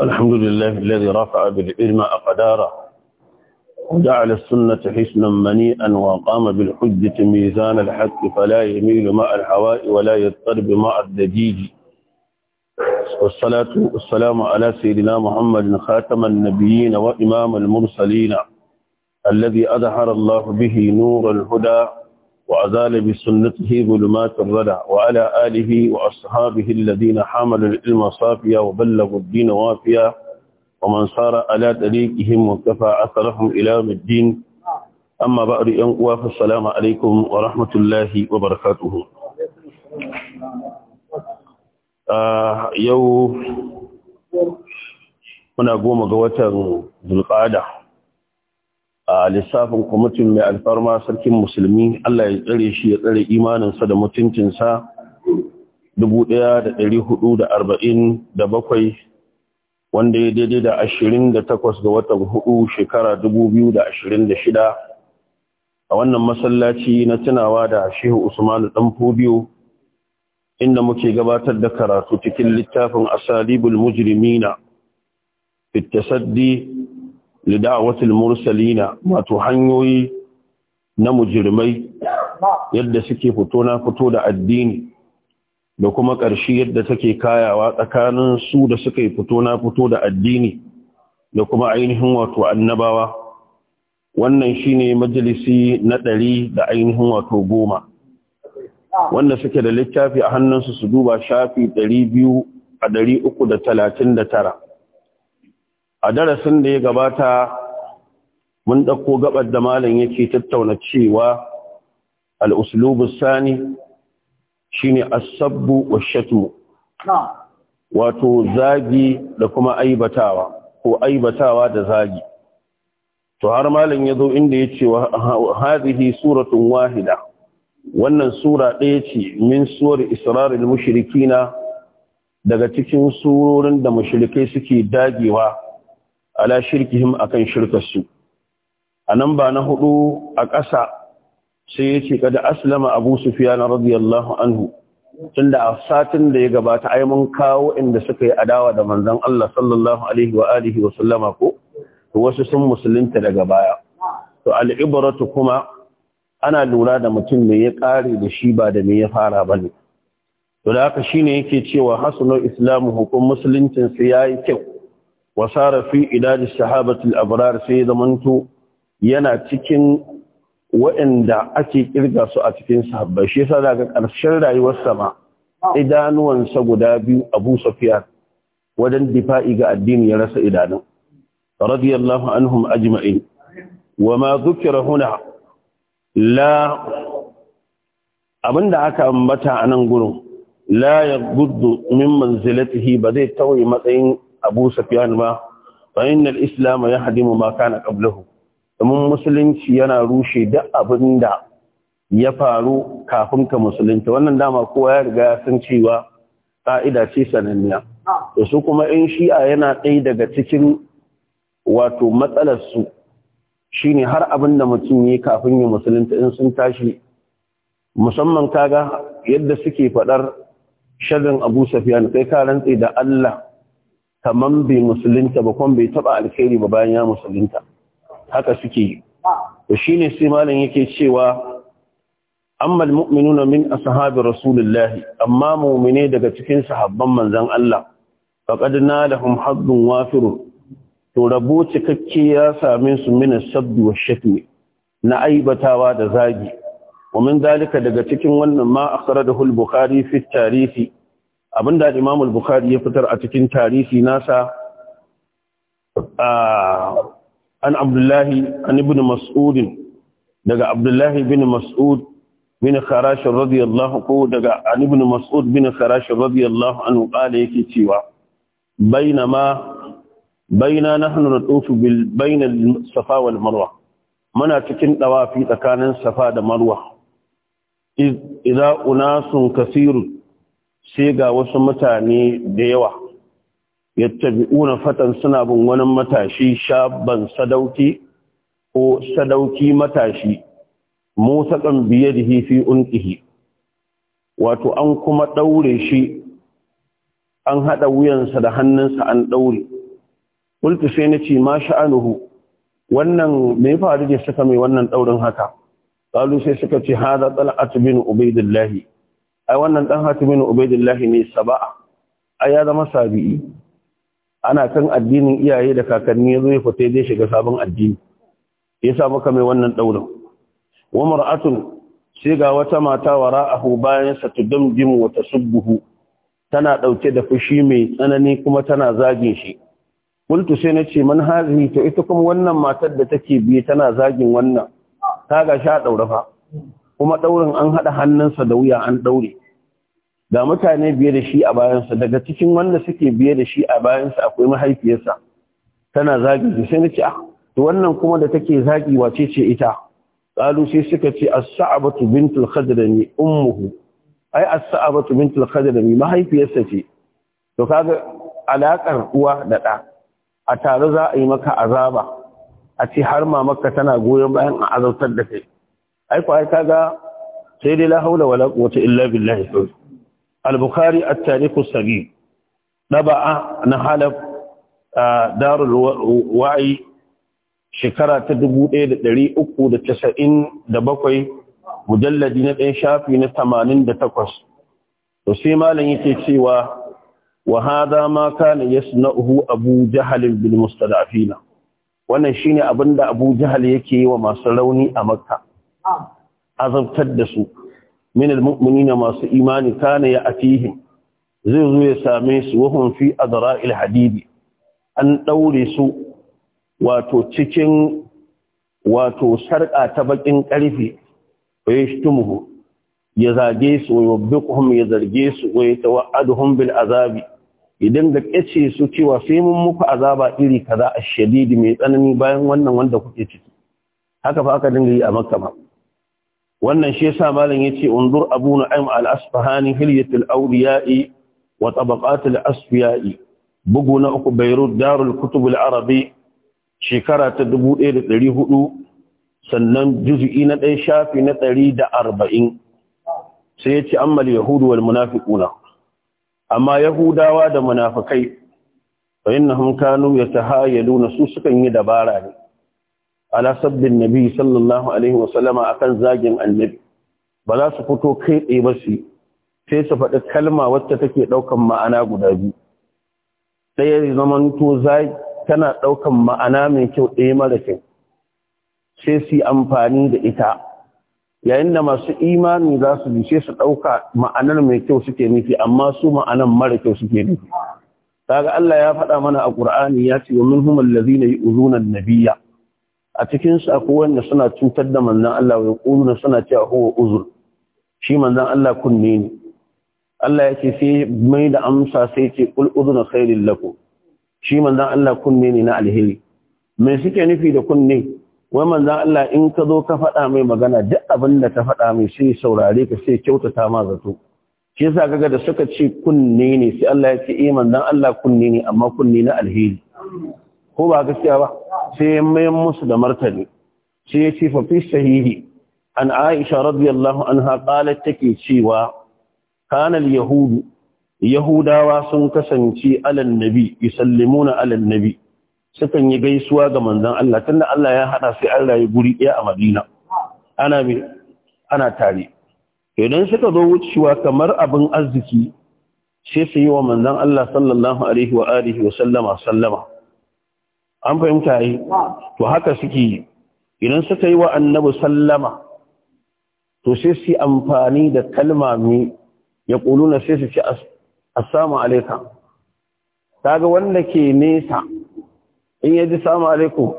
الحمد لله الذي رفع بالعلم أقداره وجعل السنة حسنا منيئا وقام بالحجة ميزان الحق فلا يميل ماء الهواء ولا يضطرب ماء الدجيج والصلاة والسلام على سيدنا محمد خاتم النبيين وإمام المرسلين الذي أظهر الله به نور الهدى وأزال بسنته ظلمات الردى وعلى آله وأصحابه الذين حملوا العلم صافيا وبلغوا الدين وافيا ومن صار على طريقهم وكفى أثرهم إلى الدين أما بعد أنقوا فالسلام عليكم ورحمة الله وبركاته آه يو muna goma ga watan zulƙada a lissafin kwamitin mai alfarma sarkin musulmi Allah ya tsare shi ya tsare imaninsa da mutuncinsa 1447 wanda ya daidai da 28 ga watan huɗu shekara 2026 a wannan masallaci na tunawa da shehu usmanu dan biyu! inda muke gabatar da karatu cikin littafin asalibul mujrimina fi tasaddi lida'awatul mursalina wato hanyoyi na mujirmai yadda suke fito na fito da addini da kuma ƙarshe yadda take kayawa tsakanin su da suka yi fito na fito da addini da kuma ainihin wato annabawa wannan shine majalisi na ɗari da ainihin wato goma wanda suke da littafi a hannunsu su duba shafi ɗari biyu a ɗari uku da talatin da tara a darasin da ya gabata mun ɗauko gabar da malam yake tattauna cewa al'uslubu sani shi ne asabbu wa shatmu wato zagi da kuma aibatawa ko aibatawa da zagi to har malam ya zo inda ya ce wa hazihi suratun wahida wannan sura ɗaya ce min suwar isra'il mushrikina daga cikin surorin da mushrikai suke dagewa ala shirkihim akan shirkarsu a nan ba na hudu a ƙasa sai ya ce kada aslama abu sufiyan radiyallahu anhu tunda a satin da ya gabata ai mun kawo inda suka yi adawa da manzon Allah sallallahu alaihi wa alihi wa sallama ko wasu sun musulunta daga baya to al-ibratu kuma ana lura da mutum me ya kare da shi ba da me ya fara bane to da haka shine yake cewa hasanu islamu hukum musuluncin sa yayi kyau wasara fi idadi sahabatul abrar sai zamanto yana cikin waɗanda ake kirga su a cikin sahabbai shi yasa daga ƙarshen rayuwarsa ma idanuwansa guda biyu Abu Sufyan wajen difa'i ga addini ya rasa idanun radiyallahu anhum ajma'in wama dhukira huna la abinda aka ambata a nan gurin la ya gudu min manzilatihi ba zai tauye matsayin abu safiyan ba fa innal islam yahdimu ma kana qablahu domin musulunci yana rushe duk abin da ya faru kafin ka musulunta wannan dama kowa ya riga sun cewa ka'ida ce sananniya to su kuma in shi'a yana ɗaya daga cikin wato matsalarsu shine har abin da mutum yi kafin ya musulunta in sun tashi musamman kaga yadda suke faɗar shirin abu safiyan kai ka rantse da Allah kaman bai musulunta ba kuma bai taba alkhairi ba bayan ya musulunta haka suke yi to shine sai malam yake cewa amma almu'minuna min ashabi rasulillah amma mu'mine daga cikin sahabban manzon Allah faqad nalahum haddun wafirun to rabo cikakke ya same su min sabbi wa shatmi na aibatawa da zagi ومن ذلك daga cikin wannan ma akhrajahu al-bukhari fi tarihi abin da Imam al-Bukhari ya fitar a cikin tarihi nasa an Abdullahi an ibn Mas'ud daga Abdullahi bin Mas'ud bin Kharash radiyallahu ko daga an ibn Mas'ud bin Kharash radiyallahu anhu kale yake cewa bainama baina nahnu natufu bil bain safa wal marwa muna cikin dawafi tsakanin safa da marwa idza unasun kasirun sai ga wasu mutane da yawa una fatan suna bin wani matashi shaban sadauki ko sadauki matashi biye da hifi unkihi, wato an kuma daure shi an haɗa wuyansa da hannunsa an daure kultu sai nace ma sha'anuhu wannan mai faru da suka mai wannan daurin haka ƙalu sai suka ce hada tal'at bin Ubaidullahi. ai wannan dan hatimin ubaidillahi ne saba'a ai ya zama sabi'i ana kan addinin iyaye da kakanni yazo ya fita zai shiga sabon addini yasa muka mai wannan ɗaurin. wa mar'atun sai ga wata mata wara'ahu bayan sa tudamdimu wa tasubbuhu tana dauke da fushi mai tsanani kuma tana zagin shi kuntu sai nace man hazihi to ita kuma wannan matar da take biye tana zagin wannan ta ga sha fa. kuma ɗaurin an haɗa hannunsa da wuya an ɗaure ga mutane biye da shi a bayansa daga cikin wanda suke biye da shi a bayansa akwai mahaifiyarsa tana zagi sai na ah, wannan kuma da take zagi wace ce ita qalu sai suka ce as-sa'abatu bintul khadrami ummuhu ai as-sa'abatu bintul khadrami mahaifiyarsa ce to kaga alakar uwa da da a tare za a yi maka azaba a ce har mamaka tana goyon bayan a azautar da kai Aiko ko ai kaga sai dai la haula wala quwwata illa billahi al-bukhari at tariqu sabi daba'a na halaf darul wa'i shekara ta 1397 mujalladi na ɗan shafi na 88 to sai malam yake cewa wa hada ma kana yasna'uhu abu jahl bil mustada'fina wannan shine abinda abu jahal yake yi wa masu rauni a makka azabtar da su min almu'minina masu imani kana ya atihim zai zo ya same su hum fi adra'il hadidi an daure su wato cikin wato sarƙa ta bakin karfe wa yashtumuhu ya zage su wa yubbiquhum ya zarge su wa yatawa'aduhum bil azabi idan da kace su cewa sai mun muku azaba iri kaza ashadidi mai tsanani bayan wannan wanda kuke ciki haka fa aka dinga yi a makka wannan shi yasa malam yace undur abu nu'aym al-asfahani hilyatul awliya'i wa tabaqatul asfiya'i bugu na uku beirut darul kutub al-arabi shekara ta 1400 sannan juz'i na ɗaya shafi na 140 sai yace amma al-yahudu wal munafiquna amma yahudawa da munafikai fa innahum kanu yatahayaluna su sukan yi dabara ne ala sabbin nabi sallallahu alaihi wasallama akan zagin annabi ba za su fito kai tsaye ba su sai su faɗi kalma wacce take ɗaukan ma'ana guda biyu ɗaya zaman to zai tana ɗaukan ma'ana mai kyau ɗaya mara kyau sai su yi amfani da ita yayin da masu imani za su ji sai su ɗauka ma'anar mai kyau suke nufi amma su ma'anar mara kyau suke nufi kaga Allah ya faɗa mana a Qur'ani ya ce wa minhum allazina yu'zuna an-nabiyya a cikin su akwai wanda suna cutar da manzon Allah wai kuluna suna cewa huwa uzur shi manzon Allah kunne ne Allah ya ce sai mai da amsa sai ce kul uzuna khairil lakum shi manzon Allah kunne ne na alheri me suke nufi da kunne wai manzon Allah in ka zo ka faɗa mai magana duk abin da ka faɗa mai sai saurare ka sai kyautata ma zato shi yasa kaga da suka ce kunne ne sai Allah ya ce eh manzon Allah kunne ne amma kunne na alheri ko ba gaskiya ba sai ya mayan musu da martani sai ya ce fa fi sahihi an aisha radiyallahu anha qalat take cewa kana yahudu yahudawa sun kasance alan nabi yusallimuna alan nabi sukan yi gaisuwa ga manzon Allah tunda Allah ya hada sai an rayu guri ɗaya a Madina ana me ana tare idan suka zo wucewa kamar abin arziki sai su yi wa manzon Allah sallallahu alaihi wa alihi wa sallama sallama an fahimta yi to haka suke yi idan suka yi wa annabi sallama to sai su amfani da kalma mai ya kuluna sai su samu assalamu Ta kaga wanda ke nesa in yaji samu alaikum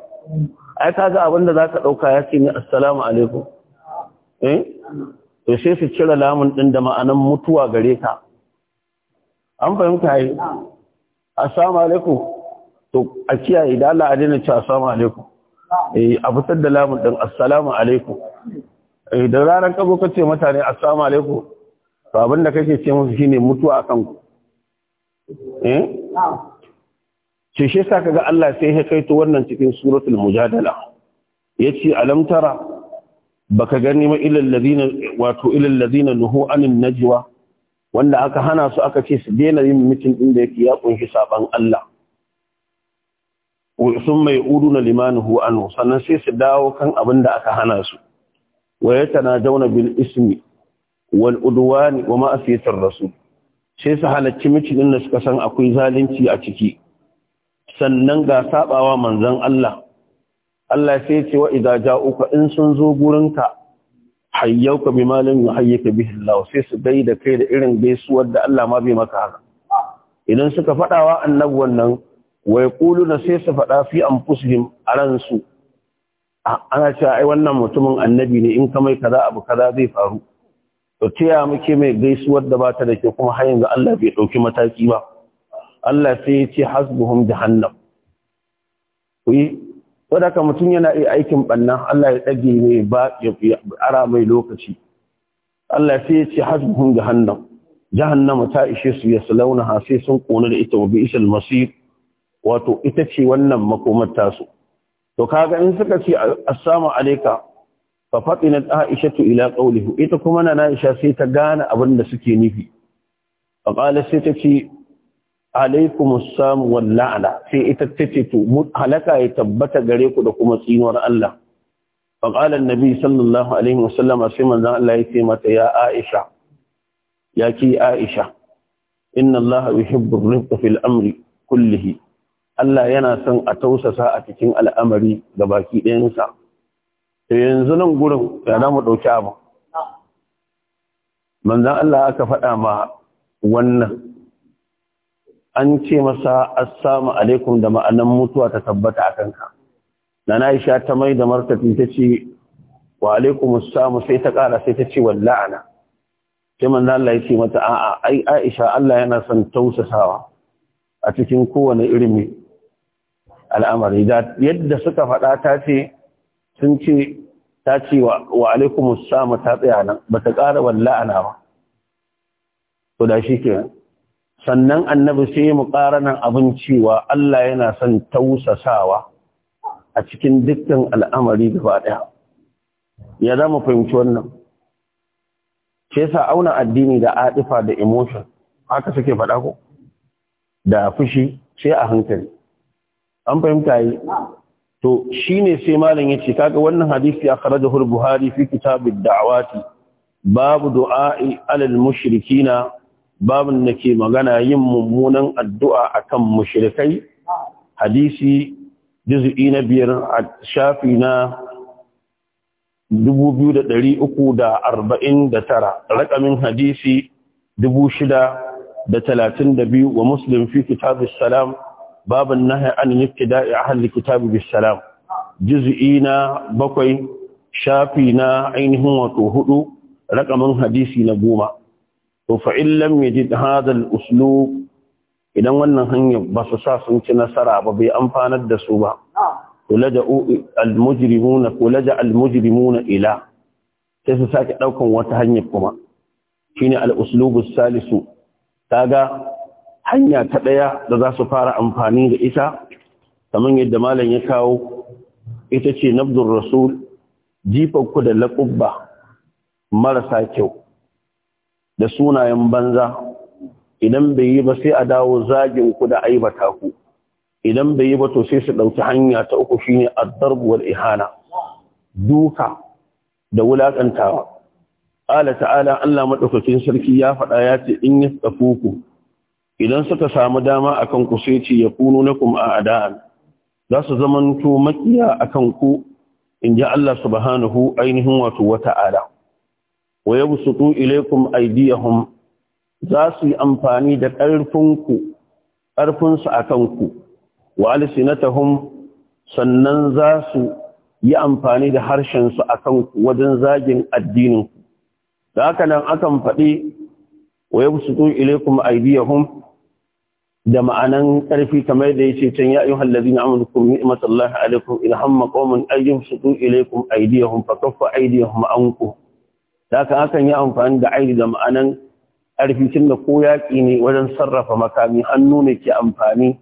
ai kaga abin da zaka dauka ya ce ni assalamu alaikum eh to sai su cire lamun din da ma'anan mutuwa gare ka an fahimta yi assalamu alaikum to a kiyaye da Allah a daina cewa assalamu alaikum eh a fitar da lamun din assalamu alaikum eh da ranar kabo ka ce mutane assalamu alaikum to abin da kake ce musu shine mutuwa akan ku eh shi yasa kaga Allah sai ya kaito wannan cikin suratul mujadala yace alam tara baka gani ma ilal ladina wato ilal ladina nuhu anin najwa wanda aka hana su aka ce su daina yin mutum din da yake ya kunshi saban Allah sun mai udu na limanuhu anu sannan sai su dawo kan abin da aka hana su wa ya tana jauna bil ismi wal udwani wa ma'asiyatar rasu sai su halarci micinin da suka san akwai zalunci a ciki sannan ga sabawa manzon Allah Allah sai ya ce wa idza ja'uka in sun zo gurinka ka bi malin yuhayyika bihi Allah sai su gaida kai da irin gaisuwar da Allah ma bai maka haka idan suka fadawa annabi wannan wa yaquluna sai su faɗa fi anfusihim a ransu ana cewa ai wannan mutumin annabi ne in kamai kaza abu kaza zai faru to taya muke mai gaisuwar da bata da ke kuma har yanzu Allah bai dauki mataki ba Allah sai ya ce hasbuhum jahannam kuyi ka mutum yana iya aikin banna Allah ya dage mai ba ya ara mai lokaci Allah sai ya ce hasbuhum jahannam jahannam ta ishe su ya salauna ha sai sun kona da ita wa bi masir wato ita ce wannan makomar tasu to kaga in suka ce assalamu alayka fa fatinat aishatu ila qawlihi ita kuma na aisha sai ta gane abin da suke nufi fa qala sai ta ce alaikum assalam wal la'na sai ita ta ce to halaka ya tabbata gare ku da kuma tsinuwar Allah fa qala annabi sallallahu alaihi wasallam sai manzon Allah ya ce mata ya aisha ya ki aisha inna Allah yuhibbu ar-rifqa fil amri kullihi Allah yana son a tausasa a cikin al'amari ga baki ɗayansa. ta yanzu nan gurin ya damu ɗauki abu. Manzan Allah aka faɗa ma wannan, an ce masa assamu alaikum da ma'anan mutuwa ta tabbata a kanka. Na na isha ta mai da martafi ta ce, wa alaikum assamu sai ta ƙara sai ta ce walla'ana. Sai manzan Allah ya ce mata a'a, ai Aisha Allah yana son tausasawa a cikin kowane irin al'amari yadda suka faɗa ta ce sun ce ta ce wa alaikumus samu ta tsaya nan ba ta ƙara walla'ana ba to da shi ke sannan annabi sai mu ƙara nan abin cewa Allah yana son tausasawa a cikin dukkan al'amari gaba ɗaya ya za mu fahimci wannan ce sa auna addini da adifa da emotion haka suke faɗa ko da fushi sai a hankali an fahimta yi to shi ne sai malam cika kaga wannan hadisi akhrajahu al-buhari fi kitab Awati, daawati babu du'a'i alal mushrikina babun da ke magana yin mummunan addu'a a kan mushrikai hadisi juz'i na biyar a shafi na 2349 rakamin hadisi 6032 wa muslim fi kitab as-salam باب النهي عن ابتداء أهل الكتاب بالسلام جزئينا na شافينا عينه وتوهد رقم حديثي نبوما فإن لم يجد هذا الأسلوب إذا wannan hanyar ba su sa sun ci nasara ba bai amfanar da su ba kulaja al-mujrimuna kulaja ila sai su sake ɗaukar wata hanyar kuma shine al-uslubus salisu kaga hanya ta ɗaya da za su fara amfani da ita kamar yadda malam ya kawo ita ce nabdur rasul ku da laƙubba marasa kyau da sunayen banza idan bai yi ba sai a dawo zagin ku da aibata ku idan bai yi ba to sai su ɗauki hanya ta uku shine addarbuwar ihana duka da wulaƙantawa ƙala ta'ala Allah maɗaukacin sarki ya faɗa ya ce in ya tsafuku idan suka samu dama a kanku sai ce kuma a da'an za su zama zamanto makiya a kanku, in ji Allah subhanahu ainihin wato wata'ala wa ya busu yabsutu ilaykum aydiyahum za su yi amfani da ƙarfinku ƙarfinsu a kanku wa alisinatahum sannan za su yi amfani da harshensu a kanku wajen zagin addininku da haka nan akan faɗi wa ya busu tun ilaikum aidiyahum da ma'anan ƙarfi kamar da ce can ya ayyuhal ladina amanu kum ni'matallahi alaikum in hamma qauman ayyum shudu ilaikum aydiyahum fa kaffa aydiyahum anku haka hakan ya amfani da aidi da ma'anan ƙarfi tunda ko yaƙi ne wajen sarrafa makami hannu ne ke amfani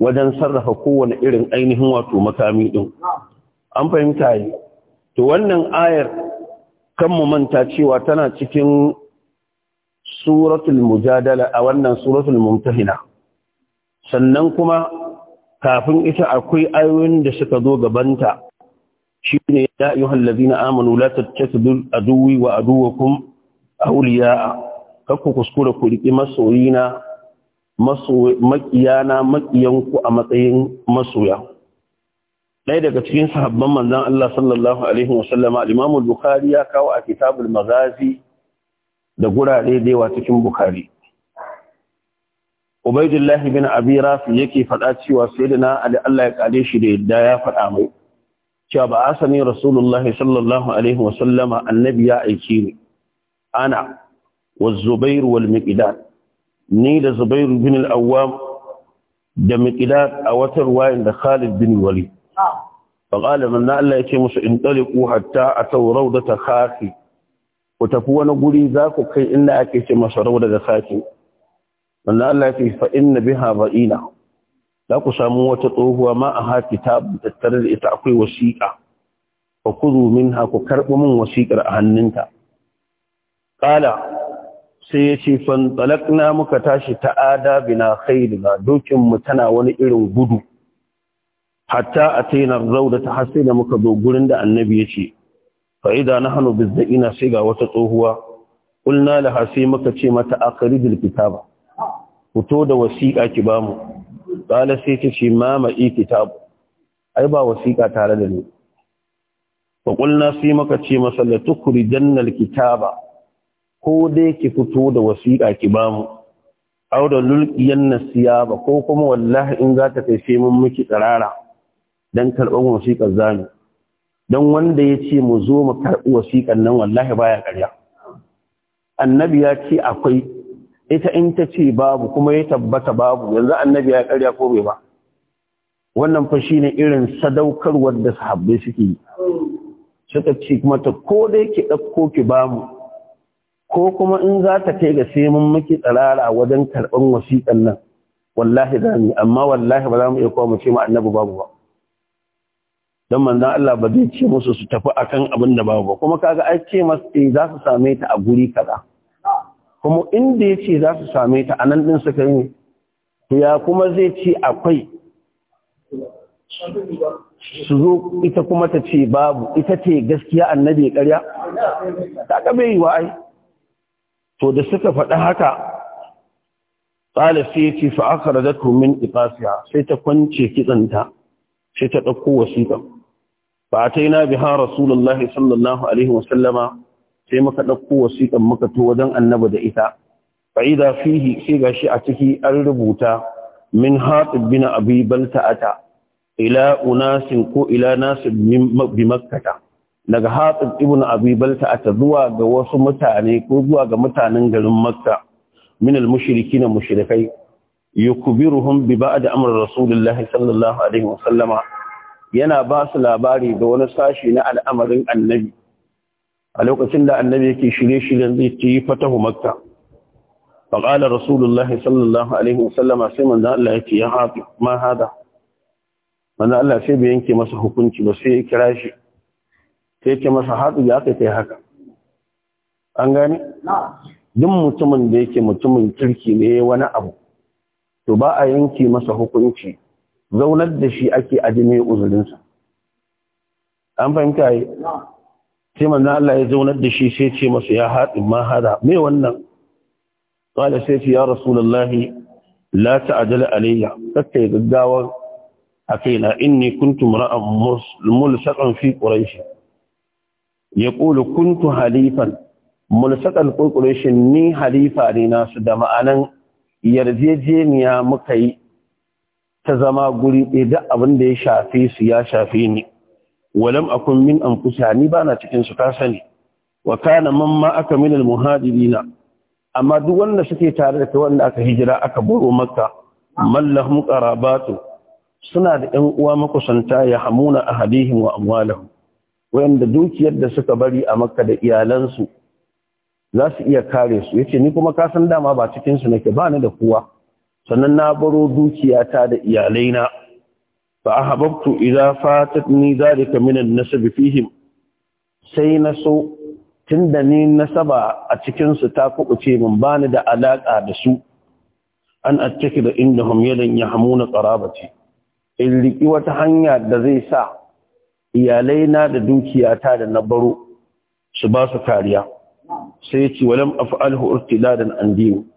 wajen sarrafa kowane irin ainihin wato makami din an fahimta yi to wannan ayar kan mu manta cewa tana cikin suratul mujadala a wannan suratul mumtahina sannan kuma kafin ita akwai ayoyin da suka zo gabanta shine ya ayyuhal ladina amanu la tattakhidul aduwi wa aduwakum awliya kakku kuskura ku riƙi masoyina makiyana makiyanku a matsayin masoya ɗaya daga cikin sahabban manzon Allah sallallahu alaihi wasallama bukhari ya kawo a kitabul magazi da gurare da yawa cikin bukari ubaidullahi bin abi rafi yake faɗa cewa sayyidina ali Allah ya kare shi da yadda ya faɗa mai cewa ba asani rasulullahi sallallahu alaihi wa annabi ya aiki ni ana wa Zubairu wal miqdad ni da Zubairu bin al da miqdad a wata wayin da khalid bin wali ah. fa qala na Allah yake musu in ɗaliku hatta a da ta khafi ku tafi wani guri za ku kai inda ake ce masa rau daga sati wanda Allah ya ce fa inna biha ba'ina za ku samu wata tsohuwa ma a haki ta tattare da ita akwai wasiƙa fa ku zumin ku karɓi min wasiƙar a hannunta Ƙala, sai ya ce fan na muka tashi ta adabina na dokin mu tana wani irin gudu hatta a tainar rauda ta da muka zo gurin da annabi ya ce fa'ida na hannu ina sai ga wata tsohuwa ƙulna da hasi muka ce mata akari bilkita ba fito da wasiƙa ki ba mu ƙala sai ta ce mama ikita ai ba wasiƙa tare da ni ba ƙulna sai maka ce masa la tukuri jannal kitaba ko dai ki fito da wasiƙa ki ba mu au da lulƙiyan nasiya ba ko kuma wallahi in za ta kai sai mun miki tsirara don karɓar wasiƙar zamu don wanda ya ce mu zo mu karɓi wasiƙan nan wallahi baya ƙarya annabi ya ce akwai ita in ta ce babu kuma ya tabbata babu yanzu annabi ya ƙarya ko bai ba wannan fa shine irin sadaukarwar da sahabbai suke yi suka ce kuma ta ko dai ki ɗauko ki bamu ko kuma in za ta kai ga sai mun miki tsirara wajen karɓan wasiƙan nan wallahi za mu amma wallahi ba za mu iya kowa mu ce mu annabi babu ba don manzan Allah ba zai ce musu su tafi akan abin da babu kuma kaga ai ce masu eh, za su same ta a guri kaza kuma inda ya ce za su same ta a nan ɗin suka yi to ya kuma zai ce akwai su zo ita kuma ta ce babu ita ce gaskiya annabi ƙarya ta kabe yi wa'ai to da suka faɗi haka tsalafi ya ce fa'akar da min ifasiya sai ta kwance kitsanta sai ta ɗauko wasiƙa fa na biha rasulullahi sallallahu alaihi wasallama sai muka ɗauko wasiƙan muka to wajen annabi da ita fa idza fihi sai gashi a ciki an rubuta min hatib bin abi balta'ata ila unasin ko ila nasib bi makkata daga hatib ibn abi balta'ata zuwa ga wasu mutane ko zuwa ga mutanen garin makka min al na mushrikai yukbiruhum bi ba'd amr rasulullahi sallallahu alaihi wasallama yana ba su labari da wani sashi na al'amarin annabi a lokacin da annabi yake shirye-shiryen zai ci fatahu makka faƙalar rasulullah sallallahu alaihi wasallama sai manzan Allah ya ce ya haɗu ma haɗa manzan Allah sai bai yanke masa hukunci ba sai ya kira shi sai ce masa haɗu ya aka kai haka an gane? duk mutumin da yake mutumin kirki ne wani abu to ba a yanke masa hukunci zaunar da shi ake ajime uzurinsa an fahimta yi sai manzan Allah ya zaunar da shi sai ce masa ya haɗin ma hada mai wannan ƙwada sai ce ya rasulallahi la ta'ajala alayya kakka yi gaggawa a kaina inni kuntu mara'an mulsaƙan fi ƙuraishi ya ƙulu kuntu halifan mulsaƙan ƙurƙurashin ni halifa ne nasu da ma'anan yarjejeniya muka yi ta zama guri ɗaya duk abin da ya shafe su ya shafe ni walam akun min anfusiha ni bana cikin su ka sani wa kana man ma aka min muhajirina amma duk wanda suke tare da wanda aka hijira aka baro makka mallahum qarabatu suna da 'yan uwa makusanta ya hamuna ahadihim wa amwalahum wayanda dukiyar da suka bari a makka da iyalansu za su iya kare su yace ni kuma ka san dama ba cikin su nake ba ni da kowa sannan na baro dukiyata da iyalaina fa ahbabtu idza fatatni zalika min an-nasab fihim sai na so tunda ni nasaba a cikin su ta kubuce min bani da alaka da su an attaki da indahum yadan yahmuna qarabati in riki wata hanya da zai sa iyalaina da dukiyata da na baro su ba su kariya sai ya ce walam af'alhu irtidadan an dini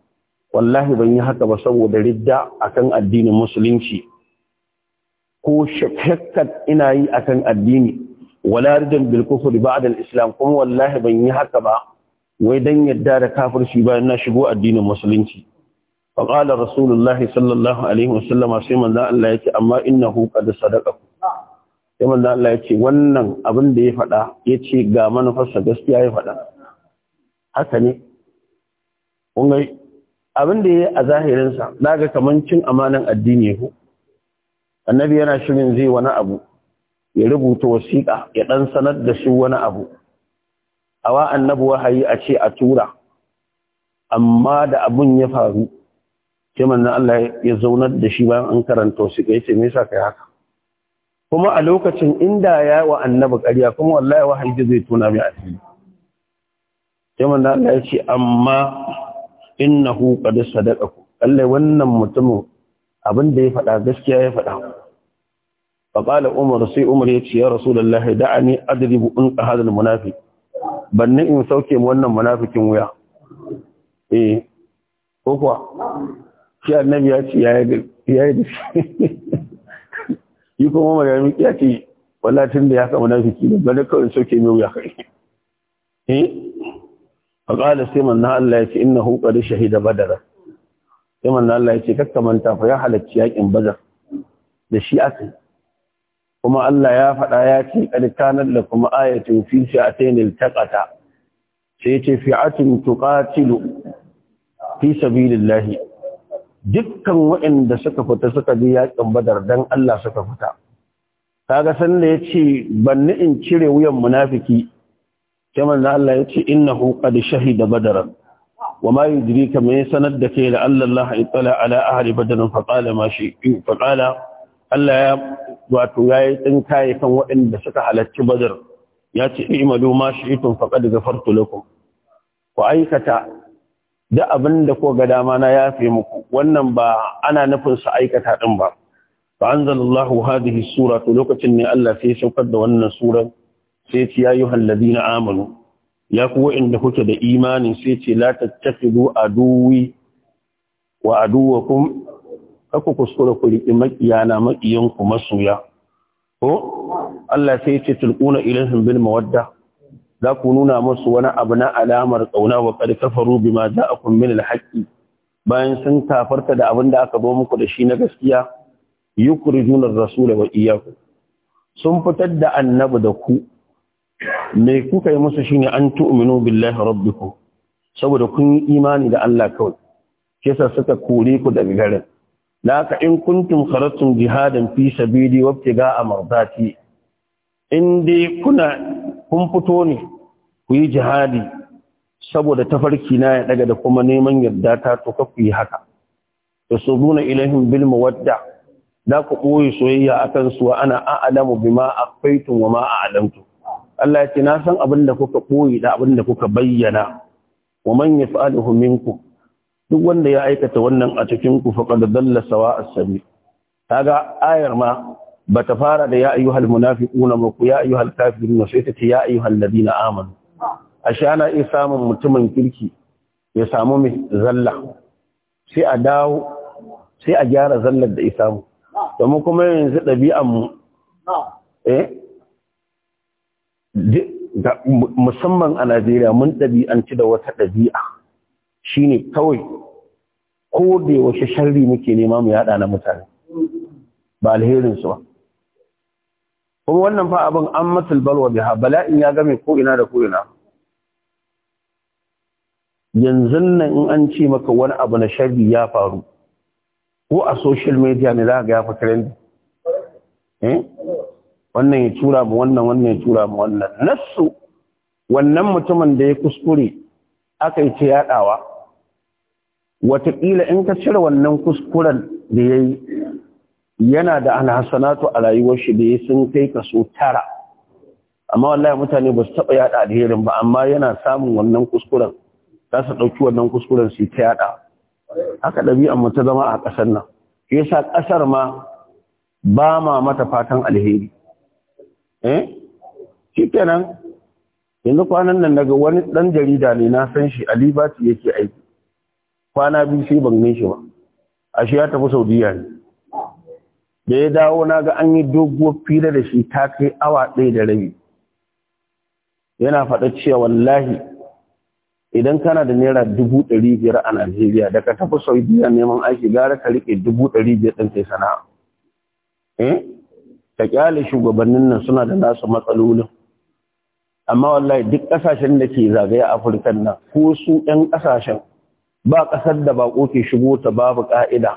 wallahi ban yi haka ba saboda ridda akan addinin musulunci ko shakkat ina yi akan addini wala ridan bil kufr ba'da al islam kuma wallahi ban yi haka ba wai dan yadda da kafirci bayan na shigo addinin musulunci fa qala rasulullahi sallallahu alaihi wasallam sai manzo Allah yake amma innahu qad sadaqa sai manzo Allah yake wannan abin da ya faɗa yace ga manufarsa gaskiya ya faɗa haka ne kun abin da ya a zahirinsa na ga kamar cin amanan addini ku. annabi yana shirin zai wani abu ya rubuta wasiƙa ya ɗan sanar da su wani abu A wa annabi wahayi a ce a tura amma da abun ya faru ce manna Allah ya zaunar da shi bayan an karanta wasiƙa ya ce me yasa kai haka kuma a lokacin inda ya wa annabi ƙarya kuma wallahi wahayi zai tona mai asiri ce manna Allah ya ce amma innahu qad sadaqaku lalle wannan mutumin abin da ya faɗa gaskiya ya faɗa fa qala umar sai umar ya ce ya rasulullahi da'ani adribu unqa hadha munafiq banne in sauke mu wannan munafikin wuya eh ko kuwa shi annabi ya ce ya da yi kuma umar ya miki ya ce wallahi tunda ya ka munafiki ne bane kawai sauke mu wuya kai eh faƙala sai manna Allah ya ce inna hukari shahida badara sai manna Allah ya ce manta fa ya halarci yakin badar da shi aka kuma Allah ya faɗa ya ce ƙarƙanar da kuma ayatun fi shi a tainil taƙata sai ya ce fi'atun tuƙatilu fi sabilillahi dukkan waɗanda suka fita suka bi yakin badar dan Allah suka fita kaga san da yace ni in cire wuyan munafiki sai manzo Allah ya ce innahu qad shahida badara wa ma yudrika mai sanar da ke da Allah Allah itala ala badar fa ma shi fa qala Allah ya wato yayi tsinkaye kan waɗanda suka halarci badar ya ce imalu ma faƙa daga farko lakum ku aikata da abin da ko ga dama na yafe muku wannan ba ana nufin su aikata din ba fa anzalallahu hadhihi sura to lokacin ne Allah sai ya saukar da wannan suran. sai ce ya yi hallabi na amalu ya kuwa inda kuke da imanin sai ce la a aduwi wa kun kaku kuskura ku riƙi ku maƙiyanku masoya ko Allah sai ce tulkuna ilaihim bil mawadda za ku nuna masu wani abu na alamar tsauna wa qad ma za a min al haƙƙi, bayan sun tafarta da abin da aka zo muku da shi na gaskiya Yi yukrijuna ar-rasula wa iyyakum sun fitar da annabi da ku me kuka yi musu shine an tu'minu billahi rabbiku saboda kun yi imani da Allah kawai kisa suka kore ku daga garin ka in kuntum kharatum jihadan fi sabili wabtiga'a mardati in dai kuna kun fito ne ku yi jihadi saboda tafarki na ya daga da kuma neman yarda ta to ka ku yi haka yasuduna ilaihim bil mawadda da ku koyi soyayya akan su wa ana a'lamu bima aqaitum wa ma a'lamtum Allah ya ce na san abin da kuka koyi da abin da kuka bayyana wa man yaf'aluhu minkum duk wanda ya aikata wannan a cikin ku faqad dalla sawa'a sabil kaga ayar ma bata fara da ya ayyuhal munafiquna ma ku ya ayyuhal kafirun sai ta ce ya ayyuhal ladina amanu ashana in iya samun mutumin kirki ya samu mai zalla sai a dawo sai a gyara zallar da isamu domin kuma yanzu ɗabi'an mu eh musamman a Najeriya mun ɗabi'anci da wata ɗabi'a shine kawai ko da washe sharri muke nema mu yada na mutane ba alherin su ba kuma wannan fa abin an matul balwa biha bala'in ya game ko ina da ko ina yanzu nan in an ce maka wani abu na sharri ya faru ko a social media ne za ga ya fi wannan ya tura mu wannan wannan ya tura mu wannan nassu wannan mutumin da ya kuskure aka yi ta yaɗawa wataƙila in ka cire wannan kuskuren da ya yi yana da alhassanatu a rayuwar shi da ya sun kai kaso tara amma wallahi mutane ba su taɓa yaɗa alherin ba amma yana samun wannan kuskuren za su ɗauki wannan kuskuren su ta yaɗa haka ɗabi'an mu ta zama a ƙasar nan shi yasa ƙasar ma ba ma mata fatan alheri eh shi kenan yanzu kwanan nan daga wani ɗan jarida ne na san shi alibati yake aiki kwana biyu sai ban shi ba ashe ya tafi saudiya ne da ya dawo na ga an yi doguwar fira da shi ta kai awa ɗaya da rabi yana faɗa cewa wallahi idan kana da naira dubu ɗari biyar a najeriya da ka tafi saudiya neman aiki gara ka riƙe dubu ɗari biyar ɗin kai sana'a eh? ka kyale shugabannin nan suna da nasu matsalolin amma wallahi duk kasashen da ke zagaye a afirka nan ko su yan kasashen ba ƙasar da bako ke shigo ta babu ƙa'ida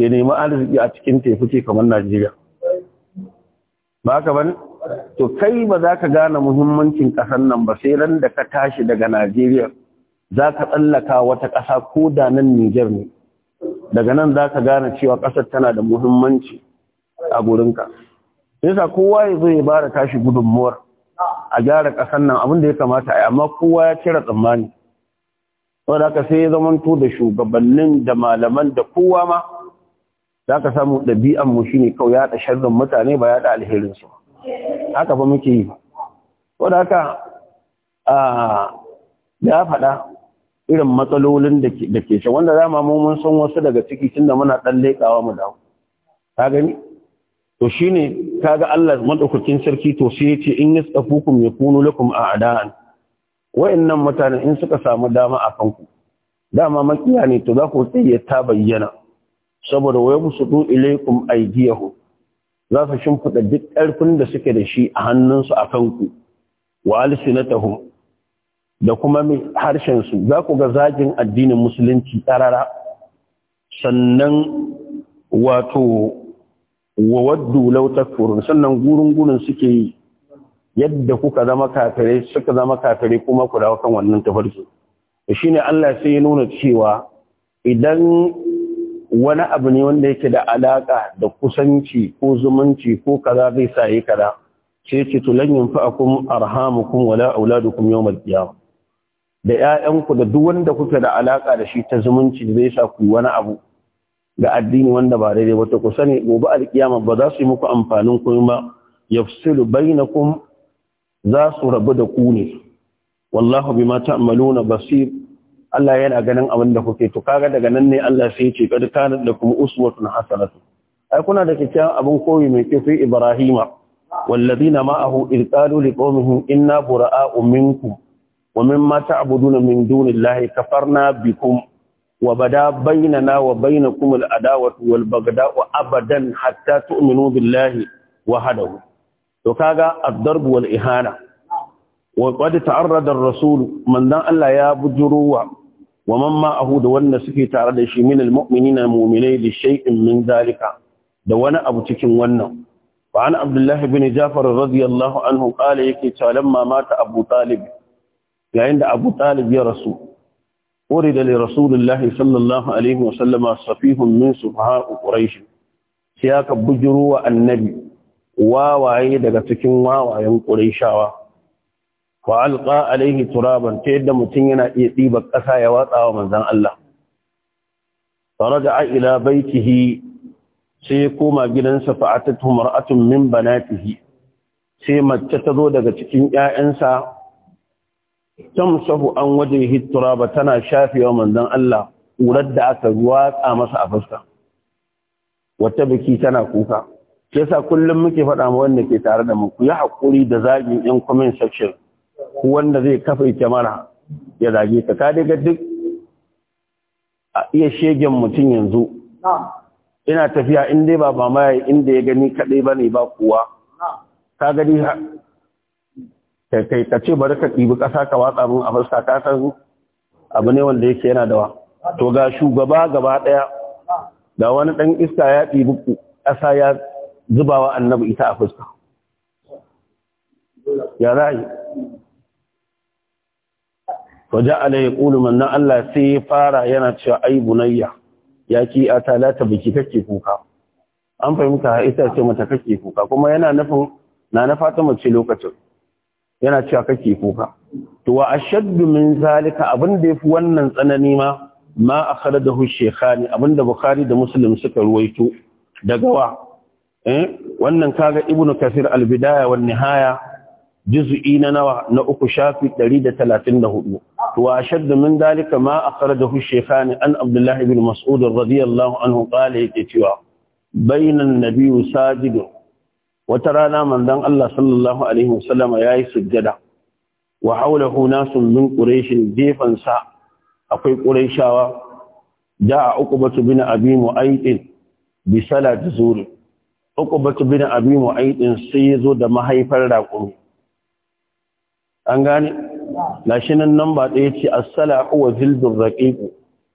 ya nemi arziki a cikin tefuke kamar najeriya ba ka ban to kai ba za ka gane muhimmancin ƙasar nan ba sai ran da ka tashi daga najeriya za ka tsallaka wata ƙasa ko da nan nijar ne daga nan za ka gane cewa ƙasar tana da muhimmanci a gurinka. yasa kowa ya zo ya bada tashi gudunmuwar a gyara ƙasar nan abin da ya kamata a amma kowa ya cire tsammani wanda aka sai ya zamanto da shugabannin da malaman da kowa ma za ka samu ɗabi'an mu shine kawai yaɗa sharrin mutane ba ya yaɗa alherin su haka fa muke yi wanda haka ya faɗa irin matsalolin da ke shi wanda za mu mun san wasu daga ciki tunda muna ɗan leƙawa mu dawo ka gani to shine kaga Allah madaukakin sarki to sai ce, in ya yasafukum yakunu lakum a'da'an wa'annan mutane in suka samu dama a kanku dama makiya ne to za ku tsaye ta bayyana saboda waya musudu ilaikum aydiyahu za su shimfida duk ƙarfin da suke da shi a hannunsu a kanku wa alsinatahum da kuma harshen su za ku ga zagin addinin musulunci tarara sannan wato wa waddu law takfurun sannan gurin gurin suke yi yadda kuka zama kafirai suka zama kafirai kuma ku dawo kan wannan tafarki shine Allah sai ya nuna cewa idan wani abu ne wanda yake da alaka da kusanci ko zumunci ko kaza zai sa yi kaza sai ce to lan yanfa'akum arhamukum wala auladukum al-qiyam da ƴaƴanku da duk wanda kuke da alaka da shi ta zumunci zai sa ku wani abu ga addini wanda ba daidai ba ta ku sani gobe alkiyama ba za su yi muku amfanin ku ba yafsilu bainakum za su rabu da ku ne wallahu bima ta'maluna basir Allah yana ganin abin da kuke to kaga daga nan ne Allah sai ya ce kad kana lakum uswatun hasanatu ai kuna da kyakkyawan abin koyi mai kyau sai Ibrahima والذين معه إذ قالوا لقومهم إنا براء منكم ومما تعبدون من دون الله كفرنا بكم وبدا بيننا وبينكم العداوة والبغضاء أبدا حتى تؤمنوا بالله وحده وكذا الضرب والإهانة وقد تعرض الرسول من ذا الله يا بجروا ومن ما أهود والنسكي تعرض شيء من المؤمنين المؤمنين لشيء من ذلك دوانا أبو تكن ونا وعن عبد الله بن جعفر رضي الله عنه قال يكي لما مات أبو طالب يعني أبو طالب يا رسول ورد لرسول الله صلى الله عليه وسلم صفيه من سفهاء قريش سياك بجروا النبي واوى دغا cikin wawayen qurayshawa fa alqa alayhi turaban te da mutum yana iya diba ƙasa ya watsawa manzon Allah fa raja'a ila baytihi sai kuma gidansa fa atatuhu mar'atun min banatihi sai mace ta zo daga cikin 'ya'yansa. tamsahu an wajhihi turaba tana shafewa manzon Allah urar da aka watsa masa a fuska wata biki tana kuka yasa kullum muke faɗa ma wanda ke tare da mu ku yi hakuri da zagin yan comment section wanda zai kafa kyamara ya zage ka ka daga duk a iya shegen mutum yanzu ina tafiya in dai ba mamaya inda ya gani kaɗai ba ne ba kuwa ka gani kai ka ce bari ka ɗibi ƙasa ka watsa mun a fuska ka san abu ne wanda yake yana dawa to ga shugaba gaba ɗaya ga wani ɗan iska ya ɗibi ƙasa ya zubawa annabi ita a fuska ya za yi waje ya ƙulu manna Allah sai ya fara yana cewa ai bunayya ya ki a talata biki kake kuka an fahimta ita ce mata kake kuka kuma yana nufin na na fata mace lokacin yana cewa kake kuka to wa ashaddu min zalika abin da yafi wannan tsanani ma ma akhadahu shaykhani abin da bukhari da muslim suka ruwaito daga wa eh wannan kaga ibnu kasir al-bidaya wan nihaya juz'i na nawa na uku shafi 134 to wa ashaddu min zalika ma akhadahu shaykhani an abdullah ibn mas'ud radiyallahu anhu qala yake cewa bainan nabiyyu sajidun wata rana manzon Allah sallallahu alaihi wasallama yayi sujjada wa haulahu nasun min quraish gefan sa akwai quraishawa da uqbatu bin abi mu'ayth bi salat zuhr uqbatu bin abi mu'ayth sai yazo da mahaifar raƙumi an gane gashi nan namba ɗaya ce as-salahu wa Zildur raqiq